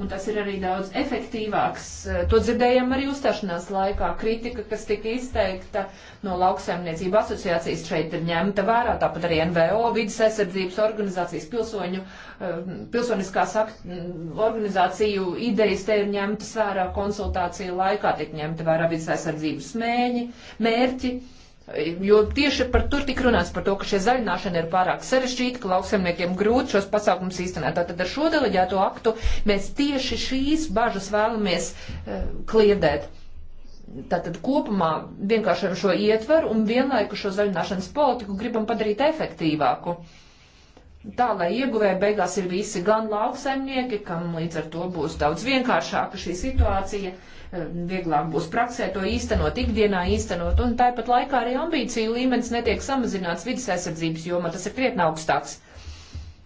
un tas ir arī daudz efektīvāks. Eh, to dzirdējām arī uzstāšanās laikā. Kritika, kas tika izteikta no lauksaimniecība asociācijas šeit ir ņemta vērā, tāpat arī NVO, vidas aizsardzības organizācijas, pilsoņu, eh, pilsoniskās mm, organizāciju idejas te ir ņemtas vērā konsultāciju laikā, tiek ņemta vērā vidas aizsardzības mēģi, mērķi. mērķi Jo tieši par tur tik runāts par to, ka šie zaļināšana ir pārāk sarežģīta, ka lauksemniekiem grūti šos pasākums īstenēt. Tātad ar šo deleģēto aktu mēs tieši šīs bažas vēlamies uh, kliedēt. Tātad kopumā vienkāršojam šo ietveru un vienlaiku šo zaļināšanas politiku gribam padarīt efektīvāku. Tā, lai ieguvēji beigās ir visi gan lauksaimnieki, kam līdz ar to būs daudz vienkāršāka šī situācija, uh, Ehm, vieglāk būs praksē to īstenot, ikdienā īstenot, un tāpat laikā arī ambīciju līmenis netiek samazināts vidas aizsardzības jomā, tas ir krietni augstāks.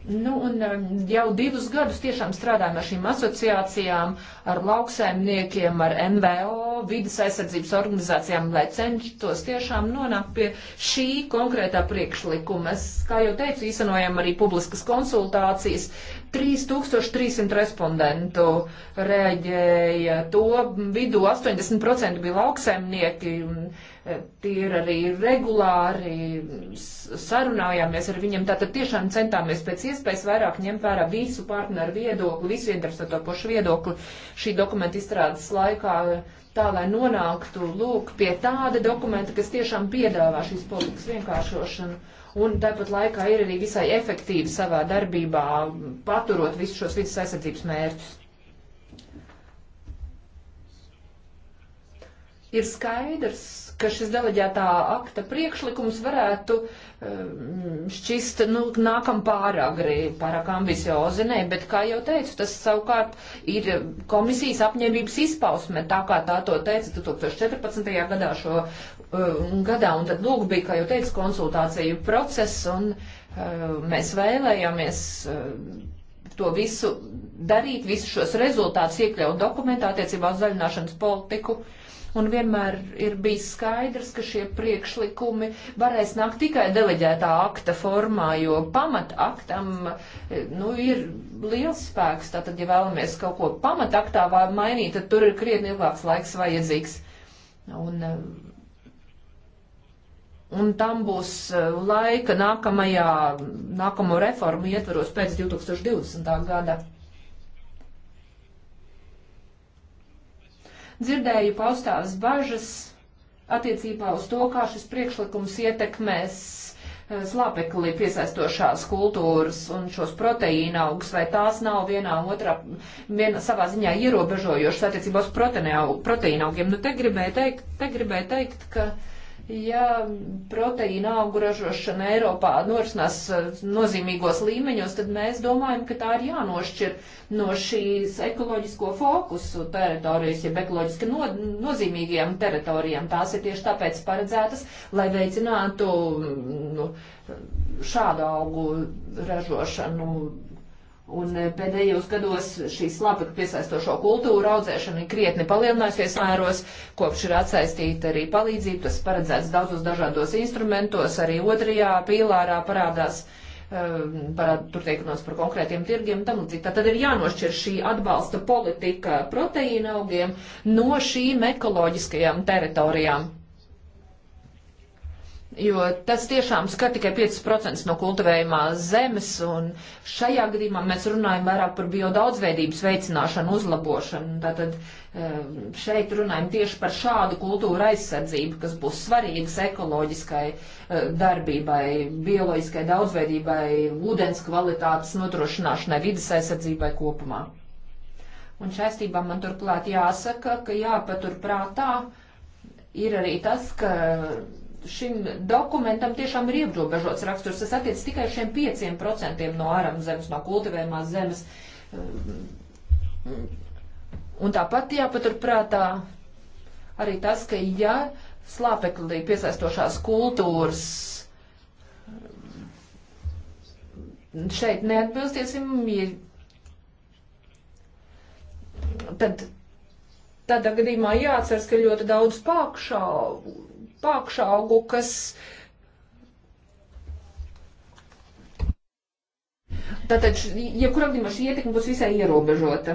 Nu, un ehm, jau divus gadus tiešām strādājam ar šīm asociācijām, ar lauksaimniekiem, ar NVO, vidas aizsardzības organizācijām, lai cenšos tiešām nonākt pie šī konkrētā priekšlikuma. Mēs, kā jau teicu, īstenojam arī publiskas konsultācijas, uh, 3300 respondentu reaģēja. To vidū 80% bija lauksaimnieki. E, tie ir arī regulāri sarunājāmies ar viņiem. Tātad tiešām centāmies pēc iespējas vairāk ņemt vērā visu partneru viedokli, visu interesētopošu viedokli šī dokumenta izstrādes laikā tā, lai nonāktu lūk pie tāda dokumenta, kas tiešām piedāvā šīs politikas vienkāršošanu un tāpat laikā ir arī visai efektīvi savā darbībā, paturot visus šos vidas aizsardzības mērķus. Ir skaidrs, ka šis deleģētā akta priekšlikums varētu ehm, šķist, nu, nākam pāragri, pārāk ambiciozi, nē, bet, kā jau teicu, tas savukārt ir komisijas apņēmības izpausme, tā kā tā to teica 2014. gadā šo uh, gadā, un tad, lūk, bija, kā jau teicu, konsultāciju process, un uh, mēs vēlējāmies. Uh, to visu darīt, visus šos rezultātus iekļaut dokumentā attiecībā uz zaļināšanas politiku. Uh, un vienmēr ir bijis skaidrs, ka šie priekšlikumi varēs nākt tikai deleģētā akta formā, jo pamataktam eh, nu, ir liels spēks. Tātad, ja vēlamies kaut ko pamataktā mainīt, tad tur ir krietni ilgāks laiks vajadzīgs. Un, eh, un tam būs eh, laika nākamajā, nākamo reformu ietvaros pēc 2020. gada. dzirdēju paustās bažas attiecībā uz to, kā šis priekšlikums ietekmēs eh, slāpeklī piesaistošās kultūras un šos proteīna augus, vai tās nav vienā otrā, viena savā ziņā ierobežojošas attiecībā uz proteīna augiem. Nu, te gribēju teikt, te gribēju teikt, ka. Uh, Ja proteīna augu ražošana Eiropā norisinās eh, nozīmīgos līmeņos, tad mēs domājam, ka tā ir jānošķir no šīs ekoloģisko fokusu teritorijas, jeb ekoloģiski no, nozīmīgajām teritorijām. Tās ir tieši tāpēc paredzētas, lai veicinātu mm, nu, šādu augu ražošanu Un e, pēdējos gados šī slapekļa piesaistošo kultūru audzēšana ir krietni palielinājusies mēros, kopš ir atsaistīta arī palīdzība, tas paredzēts daudzos dažādos instrumentos, arī otrajā pīlārā parādās, e, parād, tur tiek runāts par konkrētiem tirgiem un tam līdzīgi. Tātad ir jānošķir šī atbalsta politika proteīna augiem no šīm ekoloģiskajām teritorijām jo tas tiešām skar tikai 5% no kultivējumā zemes, un šajā gadījumā mēs runājam vairāk par biodaudzveidības veicināšanu, uzlabošanu. Tātad eh, šeit runājam tieši par šādu kultūru aizsardzību, kas būs svarīgas ekoloģiskai eh, darbībai, bioloģiskai daudzveidībai, ūdens kvalitātes nodrošināšanai, vidas aizsardzībai kopumā. Un saistībā man turklāt jāsaka, ka jāpatur prātā ir arī tas, ka šim dokumentam tiešām ir ierobežots raksturs. Tas attiec tikai šiem 5% no ārām zemes, no kultivējumās zemes. Ehm, un tāpat jāpaturprātā arī tas, ka ja slāpeklī piesaistošās kultūras ehm, šeit neatbilstiesim, ja tad tādā gadījumā jāatceras, ka ļoti daudz pakšā pākšaugu, kas. Tātad, ja kuram gadījumā šī ietekme būs visai ierobežota.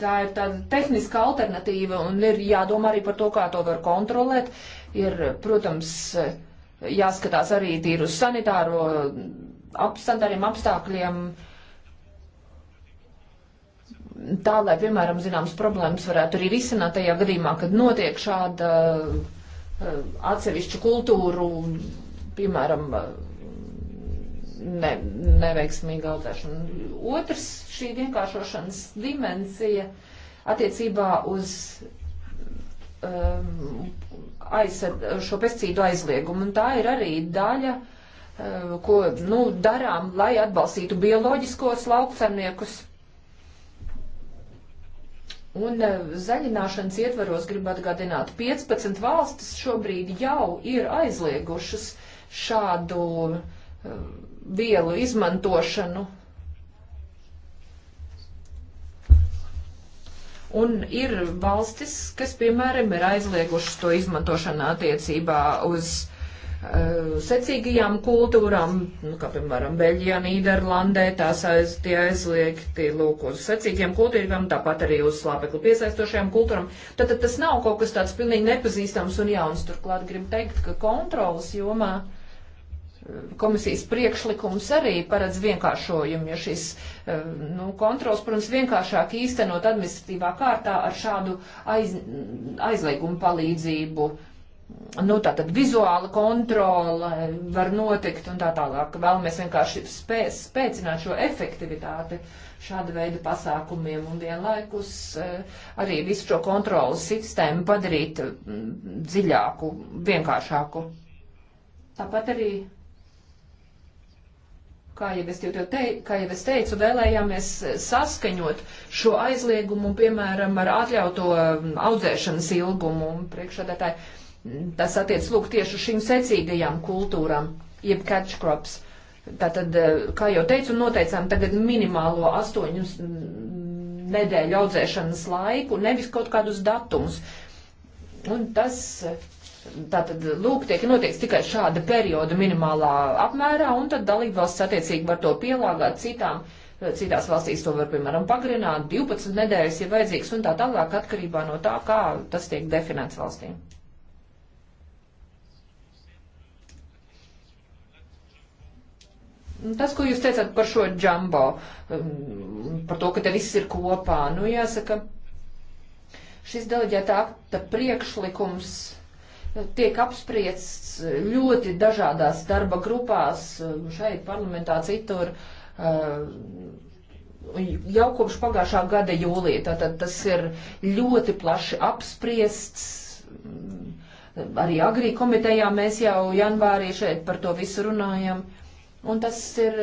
Tā ir tāda tehniska alternatīva un ir jādomā arī par to, kā to var kontrolēt. Ir, protams, jāskatās arī tīri uz sanitāro apstādāriem apstākļiem, tā lai, piemēram, zināmas problēmas varētu arī risināt tajā gadījumā, kad notiek šāda Eh, atsevišķu kultūru, piemēram, eh, ne, neveiksmīgu audzēšanu. Otrs šī vienkāršošanas dimensija attiecībā uz um, eh, aizsard, šo pesticīdu aizliegumu, un tā ir arī daļa, um, ko nu, darām, lai atbalstītu bioloģiskos lauksaimniekus Un eh, zaļināšanas ietvaros gribu atgādināt, 15 valstis šobrīd jau ir aizliegušas šādu eh, vielu izmantošanu. Un ir valstis, kas, piemēram, ir aizliegušas to izmantošanu attiecībā uz Eh, secīgajām kultūrām, nu, kā piemēram Beļģijā, Nīderlandē, tās aiz, tie aizliegti lūk uz secīgajām kultūrām, tāpat arī uz slāpekli piesaistošajām kultūrām. Tad, tad tas nav kaut kas tāds pilnīgi nepazīstams un jauns. Turklāt gribu teikt, ka kontrolas jomā eh, komisijas priekšlikums arī paredz vienkāršojumu, jo šis eh, nu, kontrols, protams, vienkāršāk īstenot administratīvā kārtā ar šādu aiz, aizliegumu palīdzību nu, tā tad vizuāla kontrola var notikt un tā tālāk. Vēlamies vienkārši spē, spēcināt šo efektivitāti šāda veida pasākumiem un vienlaikus e, arī visu šo kontrolas sistēmu padarīt dziļāku, vienkāršāku. Tāpat arī, kā jau es, te, kā jau es teicu, vēlējāmies saskaņot šo aizliegumu, piemēram, ar atļauto audzēšanas ilgumu priekšādātāju Tas attiec lūk tieši uz šīm secīgajām kultūrām, jeb catch crops. Tātad, eh, kā jau teicu, noteicām tagad minimālo astoņu nedēļu audzēšanas laiku, nevis kaut kādus datumus. Un tas, eh, tātad, lūk, tiek noteikts tikai šāda perioda minimālā apmērā, un tad dalībvalsts attiecīgi var to pielāgāt citām. Eh, citās valstīs to var, piemēram, pagrināt 12 nedēļas, ja vajadzīgs, un tā tālāk atkarībā no tā, kā tas tiek definēts valstīm. Tas, ko jūs teicāt par šo džambo, um, par to, ka te viss ir kopā, nu jāsaka, šis deleģēta akta priekšlikums uh, tiek apspriests uh, ļoti dažādās darba grupās, uh, šeit parlamentā citur, jau kopš pagājušā gada jūlija. Tātad tas ir ļoti plaši apspriests. Arī agrī komitejā mēs jau janvārī šeit par to visu runājam. Uh, Un tas ir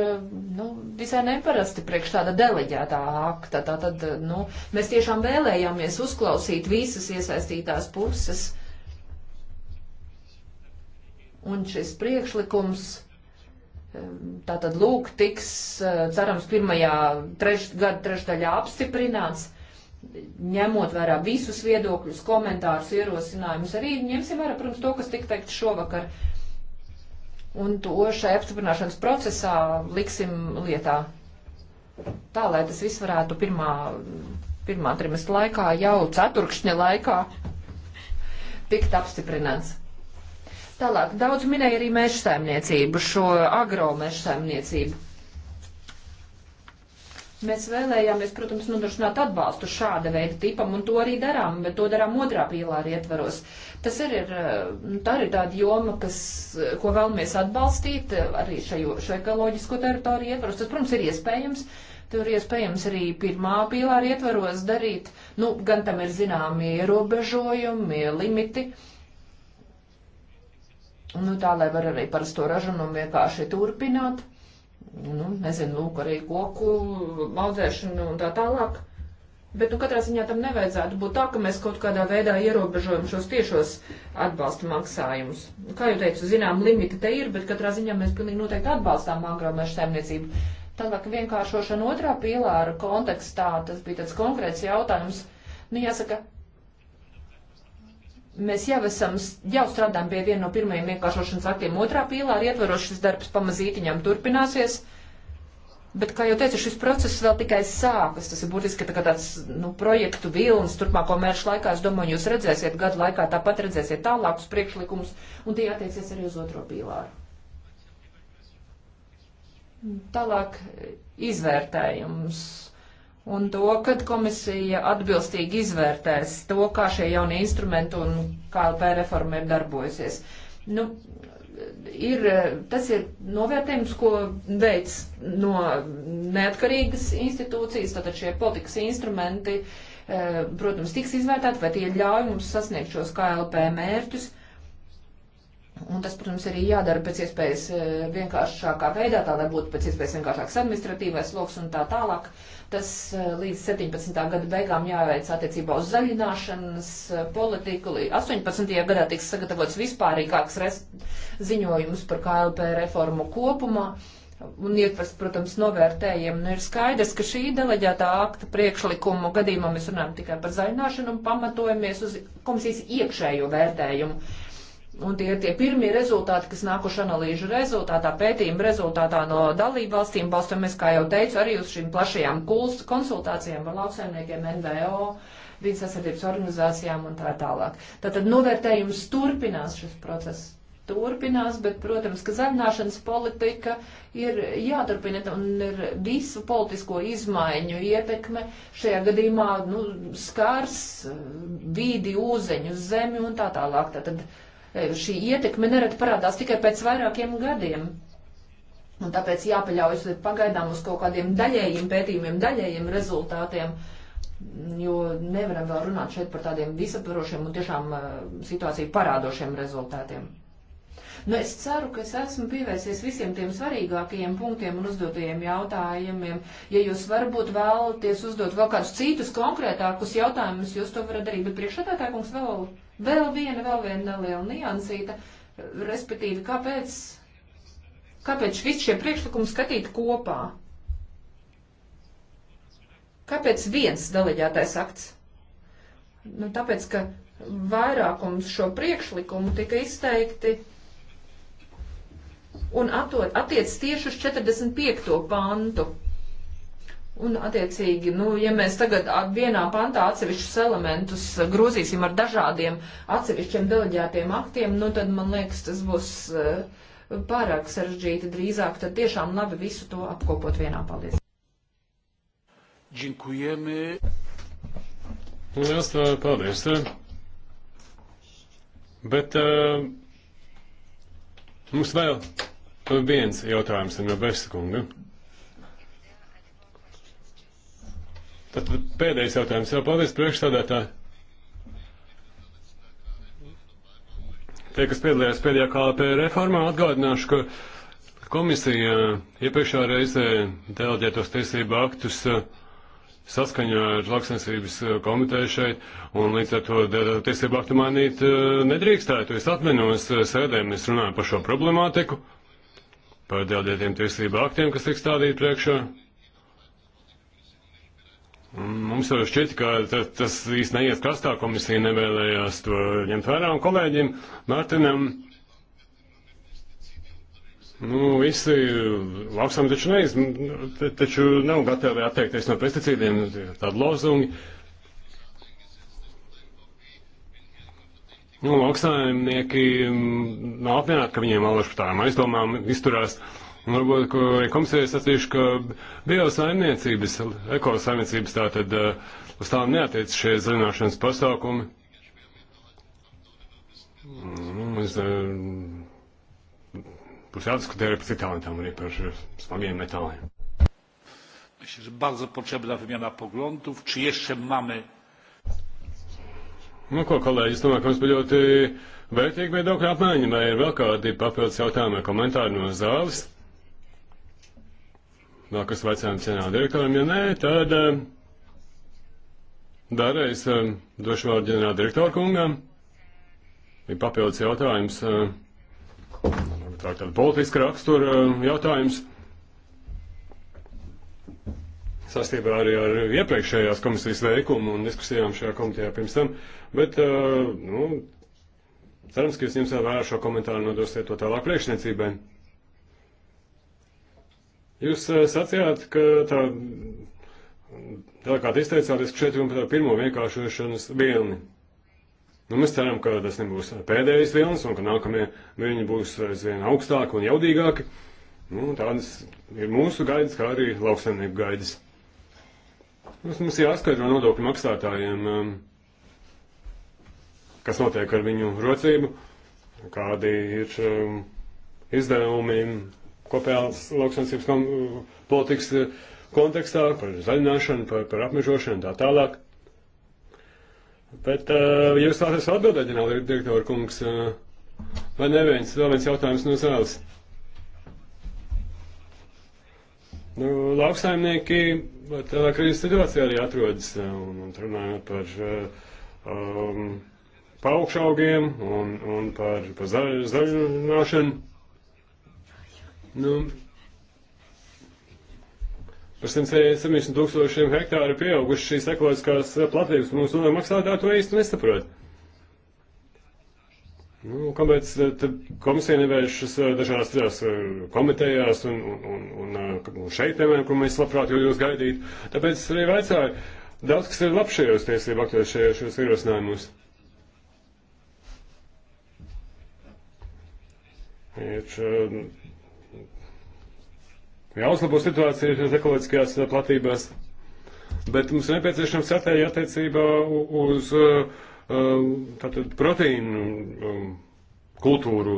nu, visai neparasti priekš tāda deleģētā akta. Tātad nu, mēs tiešām vēlējāmies uzklausīt visas iesaistītās puses. Un šis priekšlikums tātad lūk tiks, eh, cerams, pirmajā treš, gada trešdaļā apstiprināts, ņemot vērā visus viedokļus, komentārus, ierosinājumus. Arī ņemsim vērā, protams, to, kas tika teikt šovakar un to šai apstiprināšanas procesā liksim lietā. Tā, lai tas viss varētu pirmā, pirmā trimestra laikā, jau ceturkšņa laikā, tikt apstiprināts. Tālāk, daudz minēja arī mežsaimniecību, šo agro mežsaimniecību. Mēs vēlējāmies, protams, nodrošināt atbalstu šāda veida tipam, un to arī darām, bet to darām otrā pīlāra ietvaros. Tas arī ir, eh, nu, tā ir tāda joma, kas, eh, ko vēlamies atbalstīt eh, arī šajo, šo ekoloģisko teritoriju ietvaros. Tas, protams, ir iespējams. Tur iespējams arī pirmā pīlāra ietvaros darīt, nu, gan tam ir zināmi ierobežojumi, limiti. Nu, tā, lai var arī parasto ražumu vienkārši turpināt nu, nezinu, lūk, arī koku audzēšanu un tā tālāk. Bet, nu, katrā ziņā tam nevajadzētu būt tā, ka mēs kaut kādā veidā ierobežojam šos tiešos atbalsta maksājumus. Kā jau teicu, zinām, limiti te ir, bet katrā ziņā mēs pilnīgi noteikti atbalstām agromežu saimniecību. Tālāk vienkāršošana otrā pīlāra kontekstā, tas bija tāds konkrēts jautājums. Nu, jāsaka, mēs jau esam, jau strādājam pie viena no pirmajiem vienkāršošanas aktiem otrā pīlā, ar ietvaros šis darbs pamazītiņām turpināsies. Bet, kā jau teicu, šis process vēl tikai sākas. Tas ir būtiski tā tāds nu, projektu vilnis turpmāko mēršu laikā. Es domāju, jūs redzēsiet gadu laikā, tāpat redzēsiet tālākus priekšlikumus, un tie attieksies arī uz otro pīlāru. Tālāk e, izvērtējums un to, kad komisija atbilstīgi izvērtēs to, kā šie jaunie instrumenti un KLP reforma ir darbojusies. Nu, ir, tas ir novērtējums, ko veids no neatkarīgas institūcijas, tātad šie politikas instrumenti, eh, protams, tiks izvērtēti, vai tie ļauj mums sasniegt šos KLP mērķus. Un tas, protams, arī jādara pēc iespējas eh, vienkāršākā veidā, tā lai būtu pēc iespējas vienkāršāks administratīvais sloks un tā tālāk. Tas eh, līdz 17. gada beigām jāveic attiecībā uz zaļināšanas eh, politiku. 18. gadā tiks sagatavots vispārīgāks ziņojums par KLP reformu kopumā. Un ietvers, protams, novērtējumu. Nu, ir skaidrs, ka šī deleģētā akta priekšlikumu gadījumā mēs runājam tikai par zaļināšanu un pamatojamies uz komisijas iekšējo vērtējumu Un tie ir tie pirmie rezultāti, kas nākuši analīžu rezultātā, pētījuma rezultātā no dalību valstīm. Balstamies, kā jau teicu, arī uz šīm plašajām konsultācijām ar lauksaimniekiem, NVO, vidas aizsardzības organizācijām un tā tālāk. Tātad novērtējums turpinās šis process. Turpinās, bet, protams, ka zemināšanas politika ir jāturpina un ir visu politisko izmaiņu ietekme šajā gadījumā, nu, skars vīdi, ūzeņu, zemi un tā tālāk. Tātad, E, šī ietekme nerad parādās tikai pēc vairākiem gadiem. Un tāpēc jāpaļaujas pagaidām uz kaut kādiem daļējiem pētījumiem, daļējiem rezultātiem, jo nevaram vēl runāt šeit par tādiem visaptvarošiem un tiešām e, situāciju parādošiem rezultātiem. Nu, es ceru, ka es esmu pievērsies visiem tiem svarīgākajiem punktiem un uzdotajiem jautājumiem. Ja jūs varbūt vēlaties uzdot vēl kādus citus konkrētākus jautājumus, jūs to varat darīt, bet priekšsēdētāj kungs vēl Vēl viena, vēl viena neliela niansīta, respektīvi, kāpēc, kāpēc viss šie priekšlikumi skatīt kopā? Kāpēc viens deleģētais akts? Nu, tāpēc, ka vairākums šo priekšlikumu tika izteikti un attiec tieši uz 45. pantu. Un, attiecīgi, nu, ja mēs tagad vienā pantā atsevišķus elementus grozīsim ar dažādiem atsevišķiem deleģētiem aktiem, nu, tad, man liekas, tas būs eh, pārāk sarežģīti drīzāk. Tad tiešām labi visu to apkopot vienā. Paldies! Džinkujemi! Lielas paldies! Eh. Bet uh, mums vēl viens jautājums ir no Besta kunga. Ja? Tad pēdējais jautājums. Jā, paldies priekšstādātāji. Tie, kas piedalījās pēdējā KLP reformā, atgādināšu, ka komisija iepriekšā reizē deleģētos tiesību aktus saskaņā ar lauksensības komiteju šeit, un līdz ar to tiesību aktu mainīt eh, nedrīkstētu. Es atminos eh, sēdēm, mēs runājam par šo problemātiku, par deleģētiem tiesību aktiem, kas tiek stādīti priekšā. Mums jau šķiet, ka tas, tas īsti neies krastā, komisija nevēlējās to ņemt vērā, un kolēģim Mārtiņam, nu, visi lauksam taču neiz, te, taču nav gatavi atteikties no pesticīdiem, tādi lozungi. Nu, lauksaimnieki nav apmierināti, ka viņiem alašu tādām aizdomām izturās. Uh, Un varbūt, ko komisija sacīšu, ka biosaimniecības, ekosaimniecības tātad eh, uz tām neatiec šie zaļināšanas pasākumi. Es, nu, eh, būs jādiskutē arī par citām lietām, arī par smagiem metāliem. Myślę, że bardzo potrzebna wymiana poglądów. Czy jeszcze mamy Nu, ko, kolēģi, es domāju, ka mums bija ļoti vērtīgi viedokļu apmaiņa. Vai ir vēl kādi papildus jautājumi vai komentāri no zāles? vēl kas vecām cenām direktoram. Ja nē, tad eh, darēs eh, došu vārdu ģenerāla direktora kungam. Ir papildus jautājums, varbūt eh, tā ir tāda politiska rakstura jautājums. Sastībā arī ar iepriekšējās komisijas veikumu un diskusijām šajā komitejā pirms tam. Bet, nu, cerams, ka jūs ņemsiet vērā šo komentāru un nodosiet to tālāk priekšniecībai. Jūs eh, sacījāt, ka tā, tā kā izteicāties, ka šeit runa par pirmo vienkāršošanas vilni. Nu, mēs ceram, ka tas nebūs pēdējais vilnis un ka nākamie viņi būs aizvien augstāki un jaudīgāki. Nu, tādas ir mūsu gaidas, kā arī lauksaimnieku gaidas. Mums, mums jāskaidro nodokļu maksātājiem, um, kas notiek ar viņu rocību, kādi ir um, izdevumi kopējās lauksaimniecības politikas eh, kontekstā, par zaļināšanu, par, par apmežošanu un tā tālāk. Bet uh, jūs vēlaties atbildēt, ģenerāla direktora kungs, uh, vai neviens, vēl viens jautājums no zāles. Nu, lauksaimnieki tādā krīzes situācijā arī atrodas, un, un runājot par um, paaugšaugiem un, un par, par zaļināšanu. Zaļ Nu, par 170 tūkstošiem hektāru pieauguši šīs ekoloģiskās platības, un mūsu maksātāji to īsti nesaprot. Nu, kāpēc eh, tad komisija nevēršas eh, dažās tajās eh, komitejās un, un, un, un šeit, piemēram, kur mēs labprāt jau jūs gaidītu? Tāpēc es arī vaicāju, daudz kas ir labs šajos tiesību aktos, šajos, šajos ierosinājumus. Ir jāuzlabo situācija ekoloģiskajās eh, platībās, bet mums ir nepieciešama stratēģija attiecībā uz eh, eh, tātad, proteīnu kultūru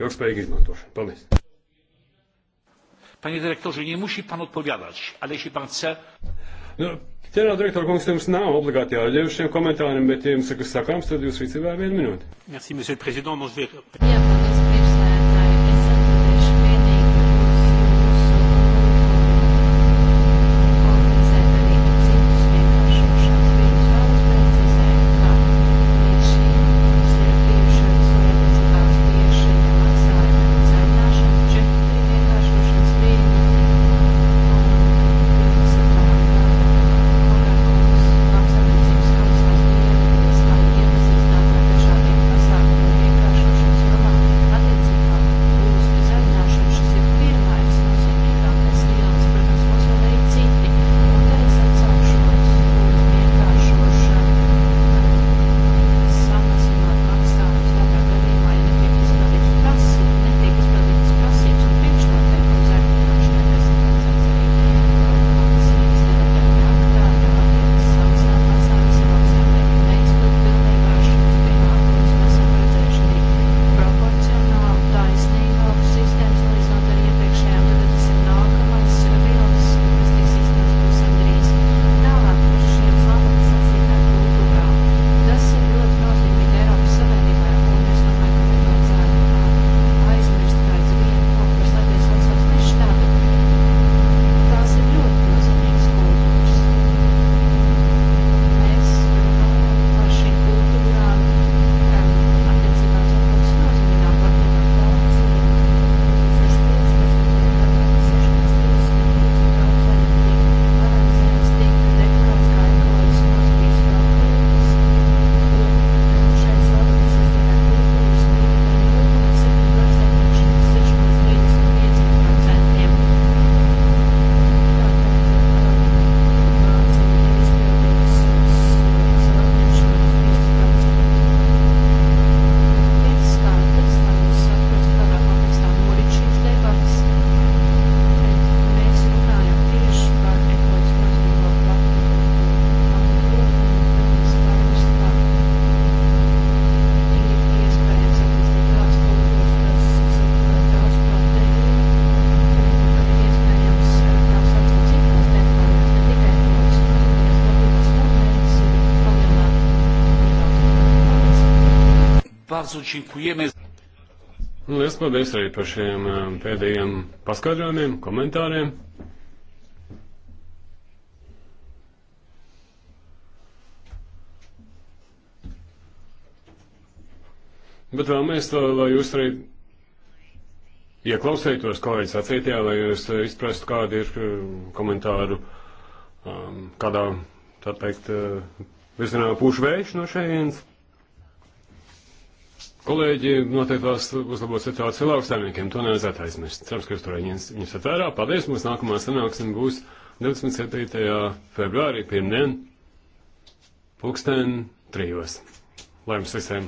ilgspējīgu izmantošanu. Paldies! Panie dyrektorze, nie musi pan odpowiadać, ale jeśli pan chce... Nu, ģenerāla direktora kungs, jums nav obligāti jāļauj šiem komentāriem, bet, ja jums ir kas sakāms, tad jūs rīcībā vienu minūti. Merci, monsieur le président. Jā, bardzo dziękujemy. Lielas paldies arī par šiem eh, pēdējiem paskaidrojumiem, komentāriem. Bet vēlamies, lai jūs arī ieklausītos kolēģis sacītajā, lai jūs eh, izprastu, kāda ir eh, komentāru, um, kādā, tā teikt, virzienā pūš vējš no šejienes. Kolēģi noteikti vēlas uzlabot situāciju lauksaimniekiem, to nevajadzētu aizmirst. Cerams, ka jūs to viņus, viņus atvērā. Paldies, mums nākamā sanāksme būs 27. februārī, pirmdien, pulksten trijos. Lai jums visiem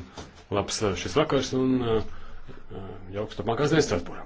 labs eh, šis vakars un eh, eh, jauks turpmākās dienas Strasbūrā.